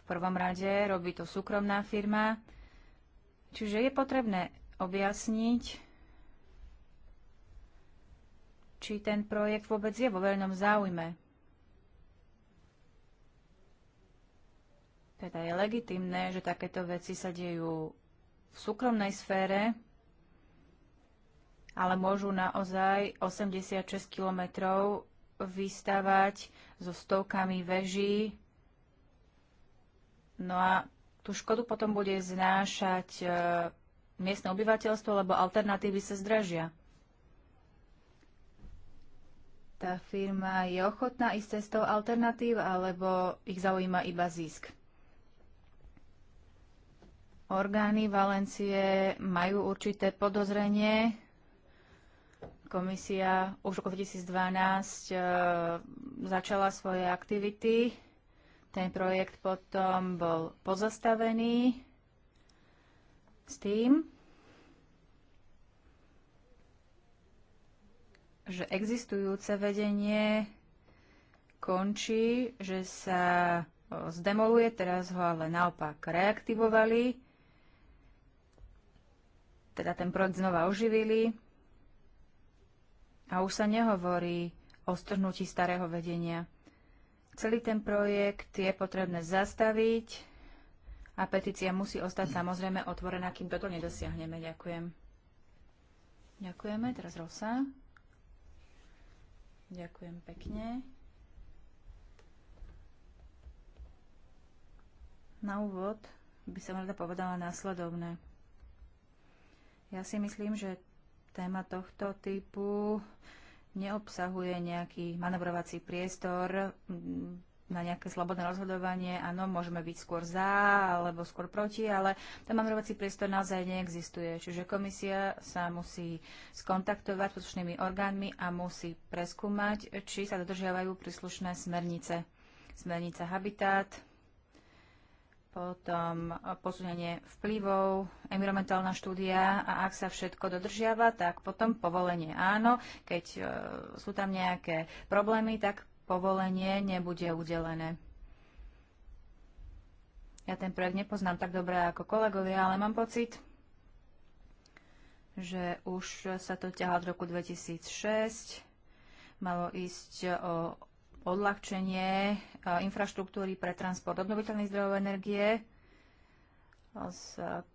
V prvom rade robí to súkromná firma Čiže je potrebné objasniť, či ten projekt vôbec je vo veľnom záujme. Teda je legitimné, že takéto veci sa dejú v súkromnej sfére, ale môžu naozaj 86 kilometrov vystavať so stovkami veží. No a tú škodu potom bude znášať e, miestne obyvateľstvo, lebo alternatívy sa zdražia. Tá firma je ochotná ísť cestou alternatív, alebo ich zaujíma iba zisk. Orgány Valencie majú určité podozrenie. Komisia už v roku 2012 e, začala svoje aktivity ten projekt potom bol pozastavený s tým, že existujúce vedenie končí, že sa zdemoluje, teraz ho ale naopak reaktivovali, teda ten projekt znova oživili a už sa nehovorí o strhnutí starého vedenia. Celý ten projekt je potrebné zastaviť a petícia musí ostať samozrejme otvorená, kým toto nedosiahneme. Ďakujem. Ďakujeme. Teraz Rosa. Ďakujem pekne. Na úvod by som rada povedala následovné. Ja si myslím, že téma tohto typu neobsahuje nejaký manevrovací priestor mm, na nejaké slobodné rozhodovanie. Áno, môžeme byť skôr za alebo skôr proti, ale ten manevrovací priestor naozaj neexistuje. Čiže komisia sa musí skontaktovať s príslušnými orgánmi a musí preskúmať, či sa dodržiavajú príslušné smernice. Smernica Habitat, potom posúdenie vplyvov, environmentálna štúdia a ak sa všetko dodržiava, tak potom povolenie áno. Keď e, sú tam nejaké problémy, tak povolenie nebude udelené. Ja ten projekt nepoznám tak dobre ako kolegovia, ale mám pocit, že už sa to ťahalo od roku 2006. Malo ísť o odľahčenie e, infraštruktúry pre transport obnoviteľných zdrojov energie z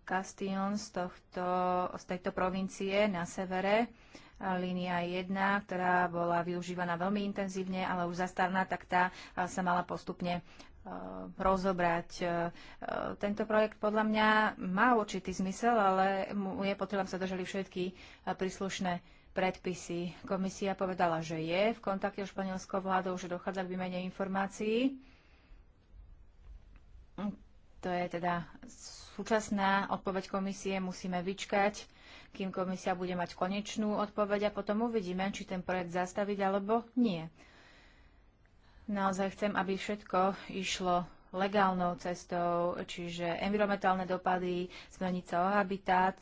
Castillon, z, tohto, z tejto provincie na severe. Línia 1, ktorá bola využívaná veľmi intenzívne, ale už zastarná, tak tá e, sa mala postupne e, rozobrať. Tento projekt podľa mňa má určitý zmysel, ale je potreba sa držali všetky príslušné predpisy. Komisia povedala, že je v kontakte s španielskou vládou, že dochádza k výmene informácií. To je teda súčasná odpoveď komisie. Musíme vyčkať, kým komisia bude mať konečnú odpoveď a potom uvidíme, či ten projekt zastaviť alebo nie. Naozaj chcem, aby všetko išlo legálnou cestou, čiže environmentálne dopady, smernica o habitát,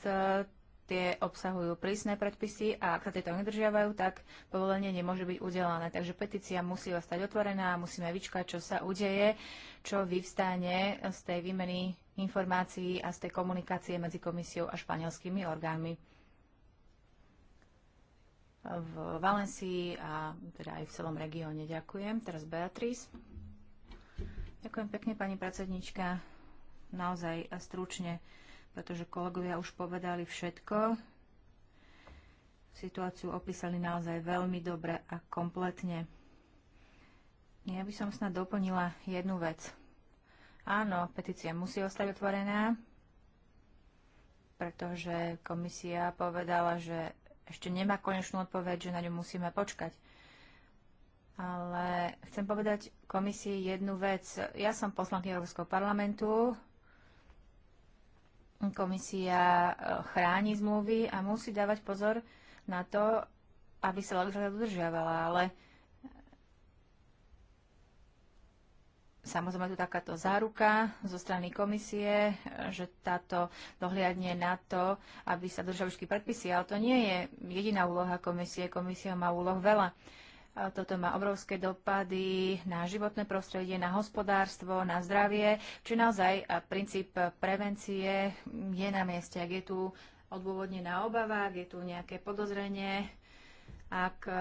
Tie obsahujú prísne predpisy a ak sa tieto nedržiavajú, tak povolenie nemôže byť udelané. Takže petícia musí ostať otvorená a musíme vyčkať, čo sa udeje, čo vyvstane z tej výmeny informácií a z tej komunikácie medzi komisiou a španielskými orgánmi v Valencii a teda aj v celom regióne. Ďakujem. Teraz Beatrice. Ďakujem pekne, pani predsednička. Naozaj stručne pretože kolegovia už povedali všetko. Situáciu opísali naozaj veľmi dobre a kompletne. Ja by som snad doplnila jednu vec. Áno, petícia musí ostať otvorená, pretože komisia povedala, že ešte nemá konečnú odpoveď, že na ňu musíme počkať. Ale chcem povedať komisii jednu vec. Ja som poslanky Európskeho parlamentu, Komisia e, chráni zmluvy a musí dávať pozor na to, aby sa legislatíva dodržiavala, ale e, Samozrejme tu takáto záruka zo strany komisie, e, že táto dohliadne na to, aby sa držali všetky predpisy, ale to nie je jediná úloha komisie. Komisia má úloh veľa. Toto má obrovské dopady na životné prostredie, na hospodárstvo, na zdravie. Či naozaj princíp prevencie je na mieste, ak je tu odôvodnená obava, ak je tu nejaké podozrenie, ak e,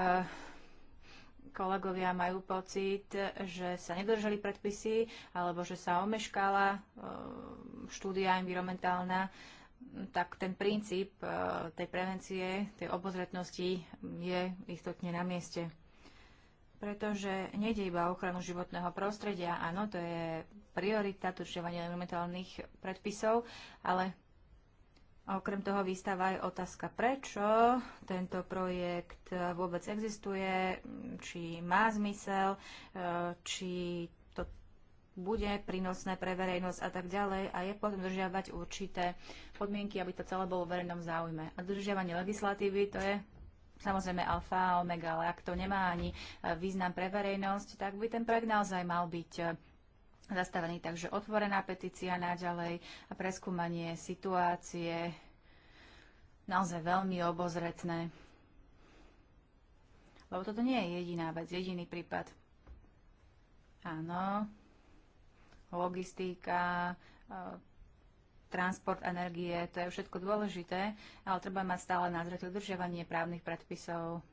kolegovia majú pocit, že sa nedržali predpisy alebo že sa omeškala e, štúdia environmentálna, tak ten princíp e, tej prevencie, tej obozretnosti je istotne na mieste pretože nejde iba o ochranu životného prostredia, áno, to je priorita tučovania environmentálnych predpisov, ale okrem toho výstava aj otázka, prečo tento projekt vôbec existuje, či má zmysel, e, či to bude prínosné pre verejnosť a tak ďalej a je potom držiavať určité podmienky, aby to celé bolo v verejnom záujme. A držiavanie legislatívy to je samozrejme alfa a omega, ale ak to nemá ani e, význam pre verejnosť, tak by ten projekt naozaj mal byť e, zastavený. Takže otvorená petícia naďalej a preskúmanie situácie naozaj veľmi obozretné. Lebo toto nie je jediná vec, jediný prípad. Áno, logistika, e, transport energie, to je všetko dôležité, ale treba mať stále na zreteľ udržiavanie právnych predpisov.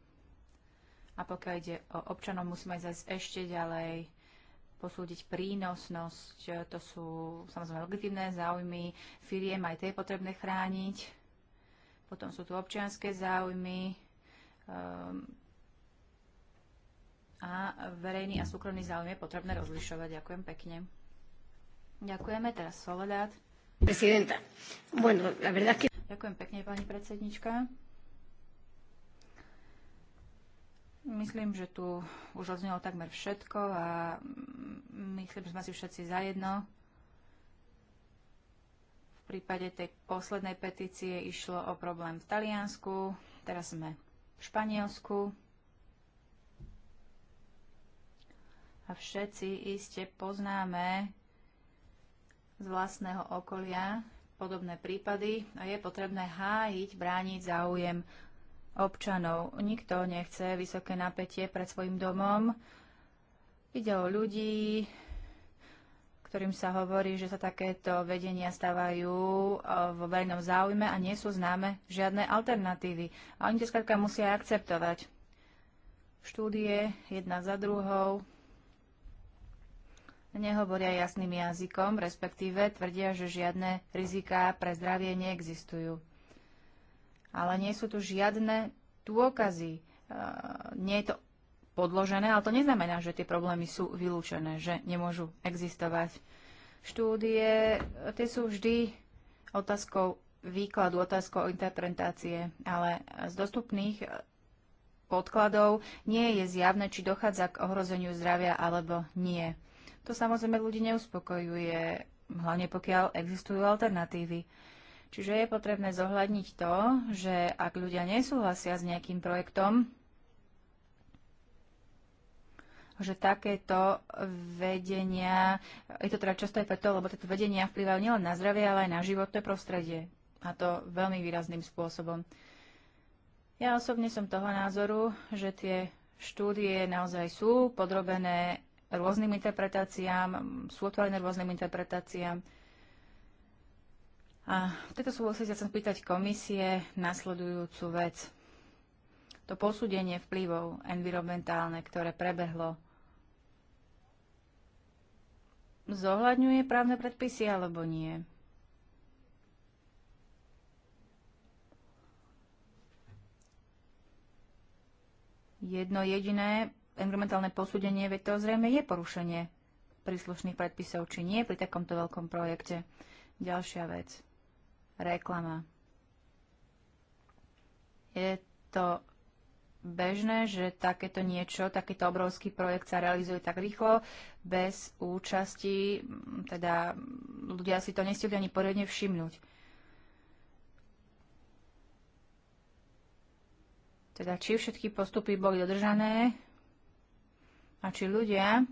A pokiaľ ide o občanov, musíme zajsť ešte ďalej, posúdiť prínosnosť, to sú samozrejme legitimné záujmy firiem, aj tie potrebné chrániť. Potom sú tu občianské záujmy um, a verejný a súkromný záujem je potrebné rozlišovať. Ďakujem pekne. Ďakujeme teraz Soledad. Presidenta. Bueno, la verdad que... Ďakujem pekne, pani predsednička. Myslím, že tu už odznelo takmer všetko a myslím, že sme si všetci zajedno. V prípade tej poslednej petície išlo o problém v Taliansku, teraz sme v Španielsku. A všetci iste poznáme z vlastného okolia podobné prípady a je potrebné hájiť, brániť záujem občanov. Nikto nechce vysoké napätie pred svojim domom. Ide o ľudí, ktorým sa hovorí, že sa takéto vedenia stávajú eh, vo verejnom záujme a nie sú známe žiadne alternatívy. A oni to skrátka musia akceptovať. Štúdie jedna za druhou nehovoria jasným jazykom, respektíve tvrdia, že žiadne riziká pre zdravie neexistujú. Ale nie sú tu žiadne dôkazy. E, nie je to podložené, ale to neznamená, že tie problémy sú vylúčené, že nemôžu existovať. Štúdie, tie sú vždy otázkou výkladu, otázkou interpretácie, ale z dostupných podkladov nie je zjavné, či dochádza k ohrozeniu zdravia alebo nie. To samozrejme ľudí neuspokojuje, hlavne pokiaľ existujú alternatívy. Čiže je potrebné zohľadniť to, že ak ľudia nesúhlasia s nejakým projektom, že takéto vedenia, je to teda často aj preto, lebo tieto vedenia vplyvajú nielen na zdravie, ale aj na životné prostredie. A to veľmi výrazným spôsobom. Ja osobne som toho názoru, že tie štúdie naozaj sú podrobené rôznym interpretáciám, sú otvorené rôznym interpretáciám. A v tejto súvislosti chcem spýtať komisie nasledujúcu vec. To posúdenie vplyvov environmentálne, ktoré prebehlo, zohľadňuje právne predpisy alebo nie? Jedno jediné environmentálne posúdenie, veď to zrejme je porušenie príslušných predpisov, či nie pri takomto veľkom projekte. Ďalšia vec. Reklama. Je to bežné, že takéto niečo, takýto obrovský projekt sa realizuje tak rýchlo, bez účasti, teda ľudia si to nestihli ani poriadne všimnúť. Teda či všetky postupy boli dodržané, a či ľudia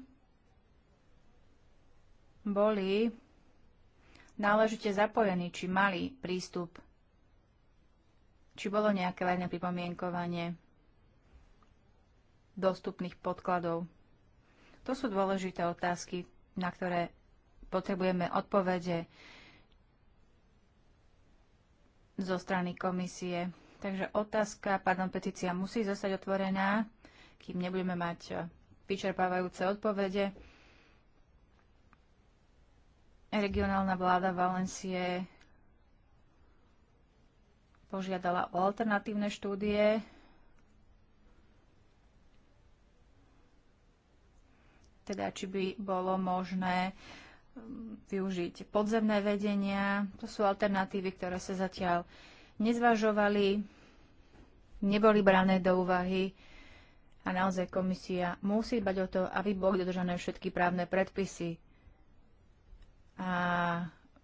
boli náležite zapojení, či mali prístup, či bolo nejaké verejné pripomienkovanie dostupných podkladov. To sú dôležité otázky, na ktoré potrebujeme odpovede zo strany komisie. Takže otázka, pardon, petícia musí zostať otvorená, kým nebudeme mať vyčerpávajúce odpovede. Regionálna vláda Valencie požiadala o alternatívne štúdie. Teda, či by bolo možné mm, využiť podzemné vedenia. To sú alternatívy, ktoré sa zatiaľ nezvažovali, neboli brané do úvahy. A naozaj komisia musí dbať o to, aby boli dodržané všetky právne predpisy. A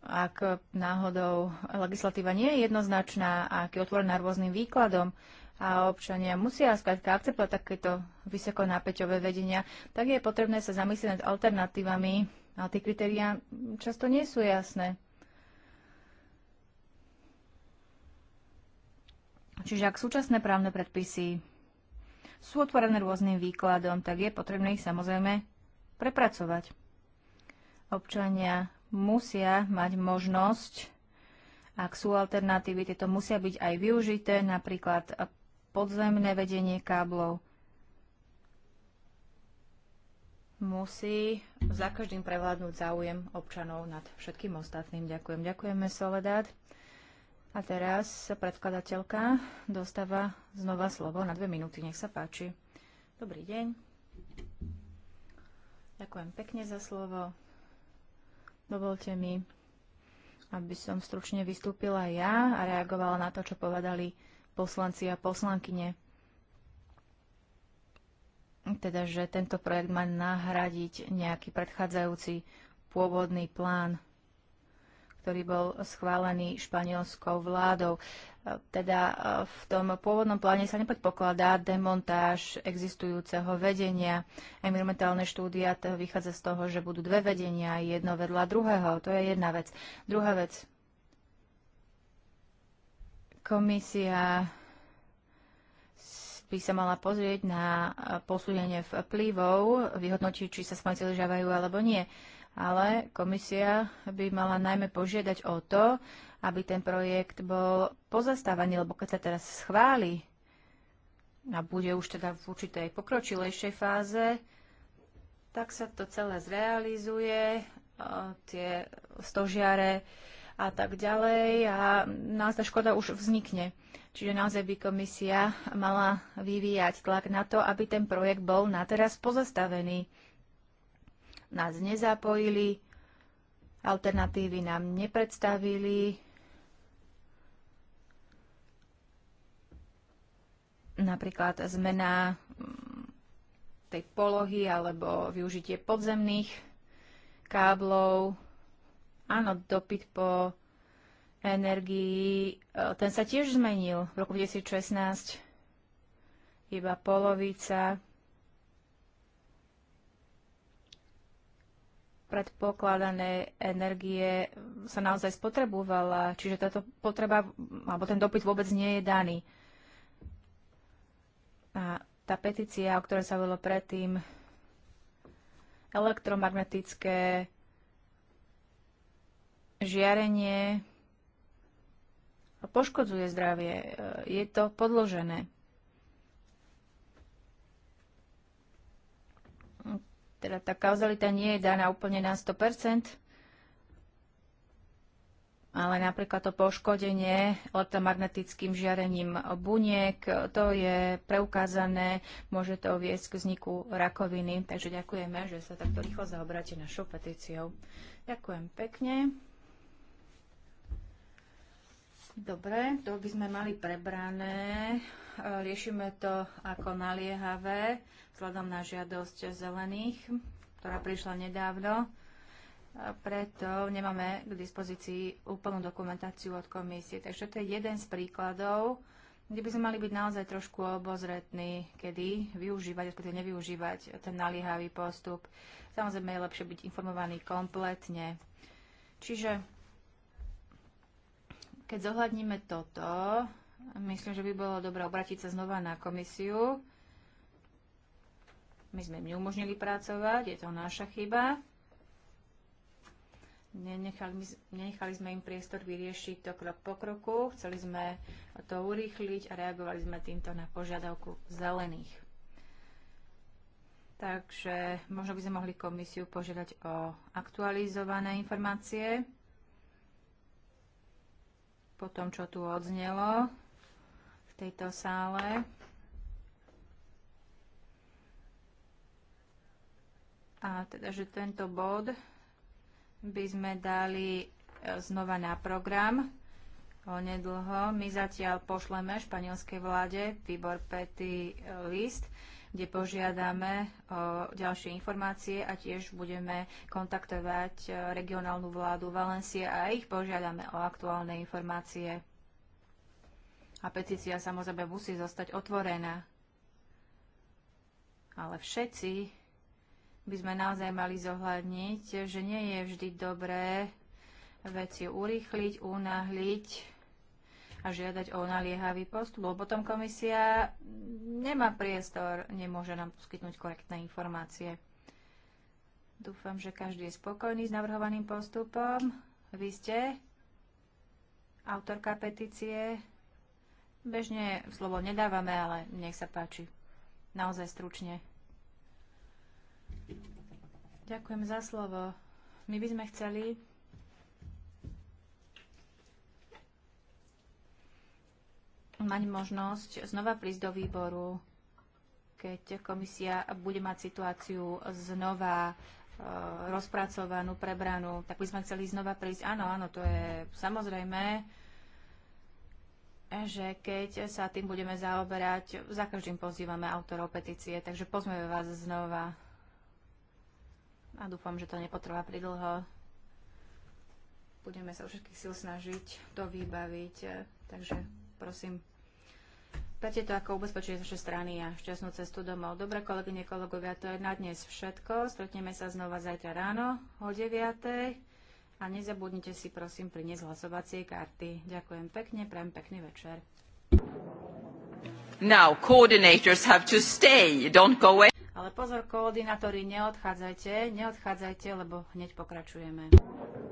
ak náhodou legislatíva nie je jednoznačná a ak je otvorená rôznym výkladom a občania musia skrátka akceptovať takéto vysoko nápeťové vedenia, tak je potrebné sa zamyslieť nad alternatívami, ale tie kritériá často nie sú jasné. Čiže ak súčasné právne predpisy sú otvorené rôznym výkladom, tak je potrebné ich samozrejme prepracovať. Občania musia mať možnosť, ak sú alternatívy, tieto musia byť aj využité, napríklad podzemné vedenie káblov musí za každým prevládnuť záujem občanov nad všetkým ostatným. Ďakujem. Ďakujeme, Soledad. A teraz predkladateľka dostáva znova slovo na dve minúty. Nech sa páči. Dobrý deň. Ďakujem pekne za slovo. Dovolte mi, aby som stručne vystúpila ja a reagovala na to, čo povedali poslanci a poslankyne. Teda, že tento projekt má nahradiť nejaký predchádzajúci pôvodný plán ktorý bol schválený španielskou vládou. E, teda e, v tom pôvodnom pláne sa nepredpokladá demontáž existujúceho vedenia. Environmentálne štúdia to vychádza z toho, že budú dve vedenia, jedno vedľa druhého. To je jedna vec. Druhá vec. Komisia by sa mala pozrieť na e, posúdenie vplyvov, vyhodnotiť, či sa smernice dodržiavajú alebo nie ale komisia by mala najmä požiadať o to, aby ten projekt bol pozastávaný, lebo keď sa teraz schváli a bude už teda v určitej pokročilejšej fáze, tak sa to celé zrealizuje, tie stožiare a tak ďalej a nás tá škoda už vznikne. Čiže naozaj by komisia mala vyvíjať tlak na to, aby ten projekt bol na teraz pozastavený nás nezapojili, alternatívy nám nepredstavili. Napríklad zmena mm, tej polohy alebo využitie podzemných káblov. Áno, dopyt po energii, e, ten sa tiež zmenil v roku 2016 iba polovica predpokladané energie sa naozaj spotrebovala, čiže táto potreba, alebo ten dopyt vôbec nie je daný. A tá petícia, o ktorej sa bolo predtým, elektromagnetické žiarenie poškodzuje zdravie. Je to podložené. teda tá kauzalita nie je daná úplne na 100%, ale napríklad to poškodenie elektromagnetickým žiarením buniek, to je preukázané, môže to viesť k vzniku rakoviny. Takže ďakujeme, že sa takto rýchlo zaobráte našou petíciou. Ďakujem pekne. Dobre, to by sme mali prebrané. E, riešime to ako naliehavé, vzhľadom na žiadosť zelených, ktorá prišla nedávno. E, preto nemáme k dispozícii úplnú dokumentáciu od komisie. Takže to je jeden z príkladov, kde by sme mali byť naozaj trošku obozretní, kedy využívať, respektíve nevyužívať ten naliehavý postup. Samozrejme je lepšie byť informovaný kompletne. Čiže keď zohľadníme toto, myslím, že by bolo dobré obratiť sa znova na komisiu. My sme im neumožnili pracovať, je to naša chyba. Nenechali, nenechali sme im priestor vyriešiť to krok po kroku, chceli sme to urýchliť a reagovali sme týmto na požiadavku zelených. Takže možno by sme mohli komisiu požiadať o aktualizované informácie po tom, čo tu odznelo v tejto sále. A teda, že tento bod by sme dali e, znova na program onedlho. My zatiaľ pošleme španielskej vláde výbor Pety e, list kde požiadame o ďalšie informácie a tiež budeme kontaktovať e, regionálnu vládu Valencie a ich požiadame o aktuálne informácie. A petícia samozrejme musí zostať otvorená. Ale všetci by sme naozaj mali zohľadniť, že nie je vždy dobré veci urýchliť, unahliť a žiadať o naliehavý postup, lebo potom komisia nemá priestor, nemôže nám poskytnúť korektné informácie. Dúfam, že každý je spokojný s navrhovaným postupom. Vy ste autorka petície. Bežne slovo nedávame, ale nech sa páči. Naozaj stručne. Ďakujem za slovo. My by sme chceli, mať možnosť znova prísť do výboru, keď komisia bude mať situáciu znova e, rozpracovanú, prebranú, tak by sme chceli znova prísť. Áno, áno, to je samozrejme, že keď sa tým budeme zaoberať, za každým pozývame autorov petície, takže pozmeme vás znova. A dúfam, že to nepotrvá pridlho. Budeme sa všetkých síl snažiť to vybaviť. Takže prosím. Berte to ako ubezpečenie z vašej strany a šťastnú cestu domov. Dobre, kolegyne, kolegovia, to je na dnes všetko. Stretneme sa znova zajtra ráno o 9. A nezabudnite si prosím priniesť hlasovacie karty. Ďakujem pekne, prajem pekný večer. Now, coordinators have to stay, don't go away. Ale pozor, koordinátori, neodchádzajte, neodchádzajte, lebo hneď pokračujeme.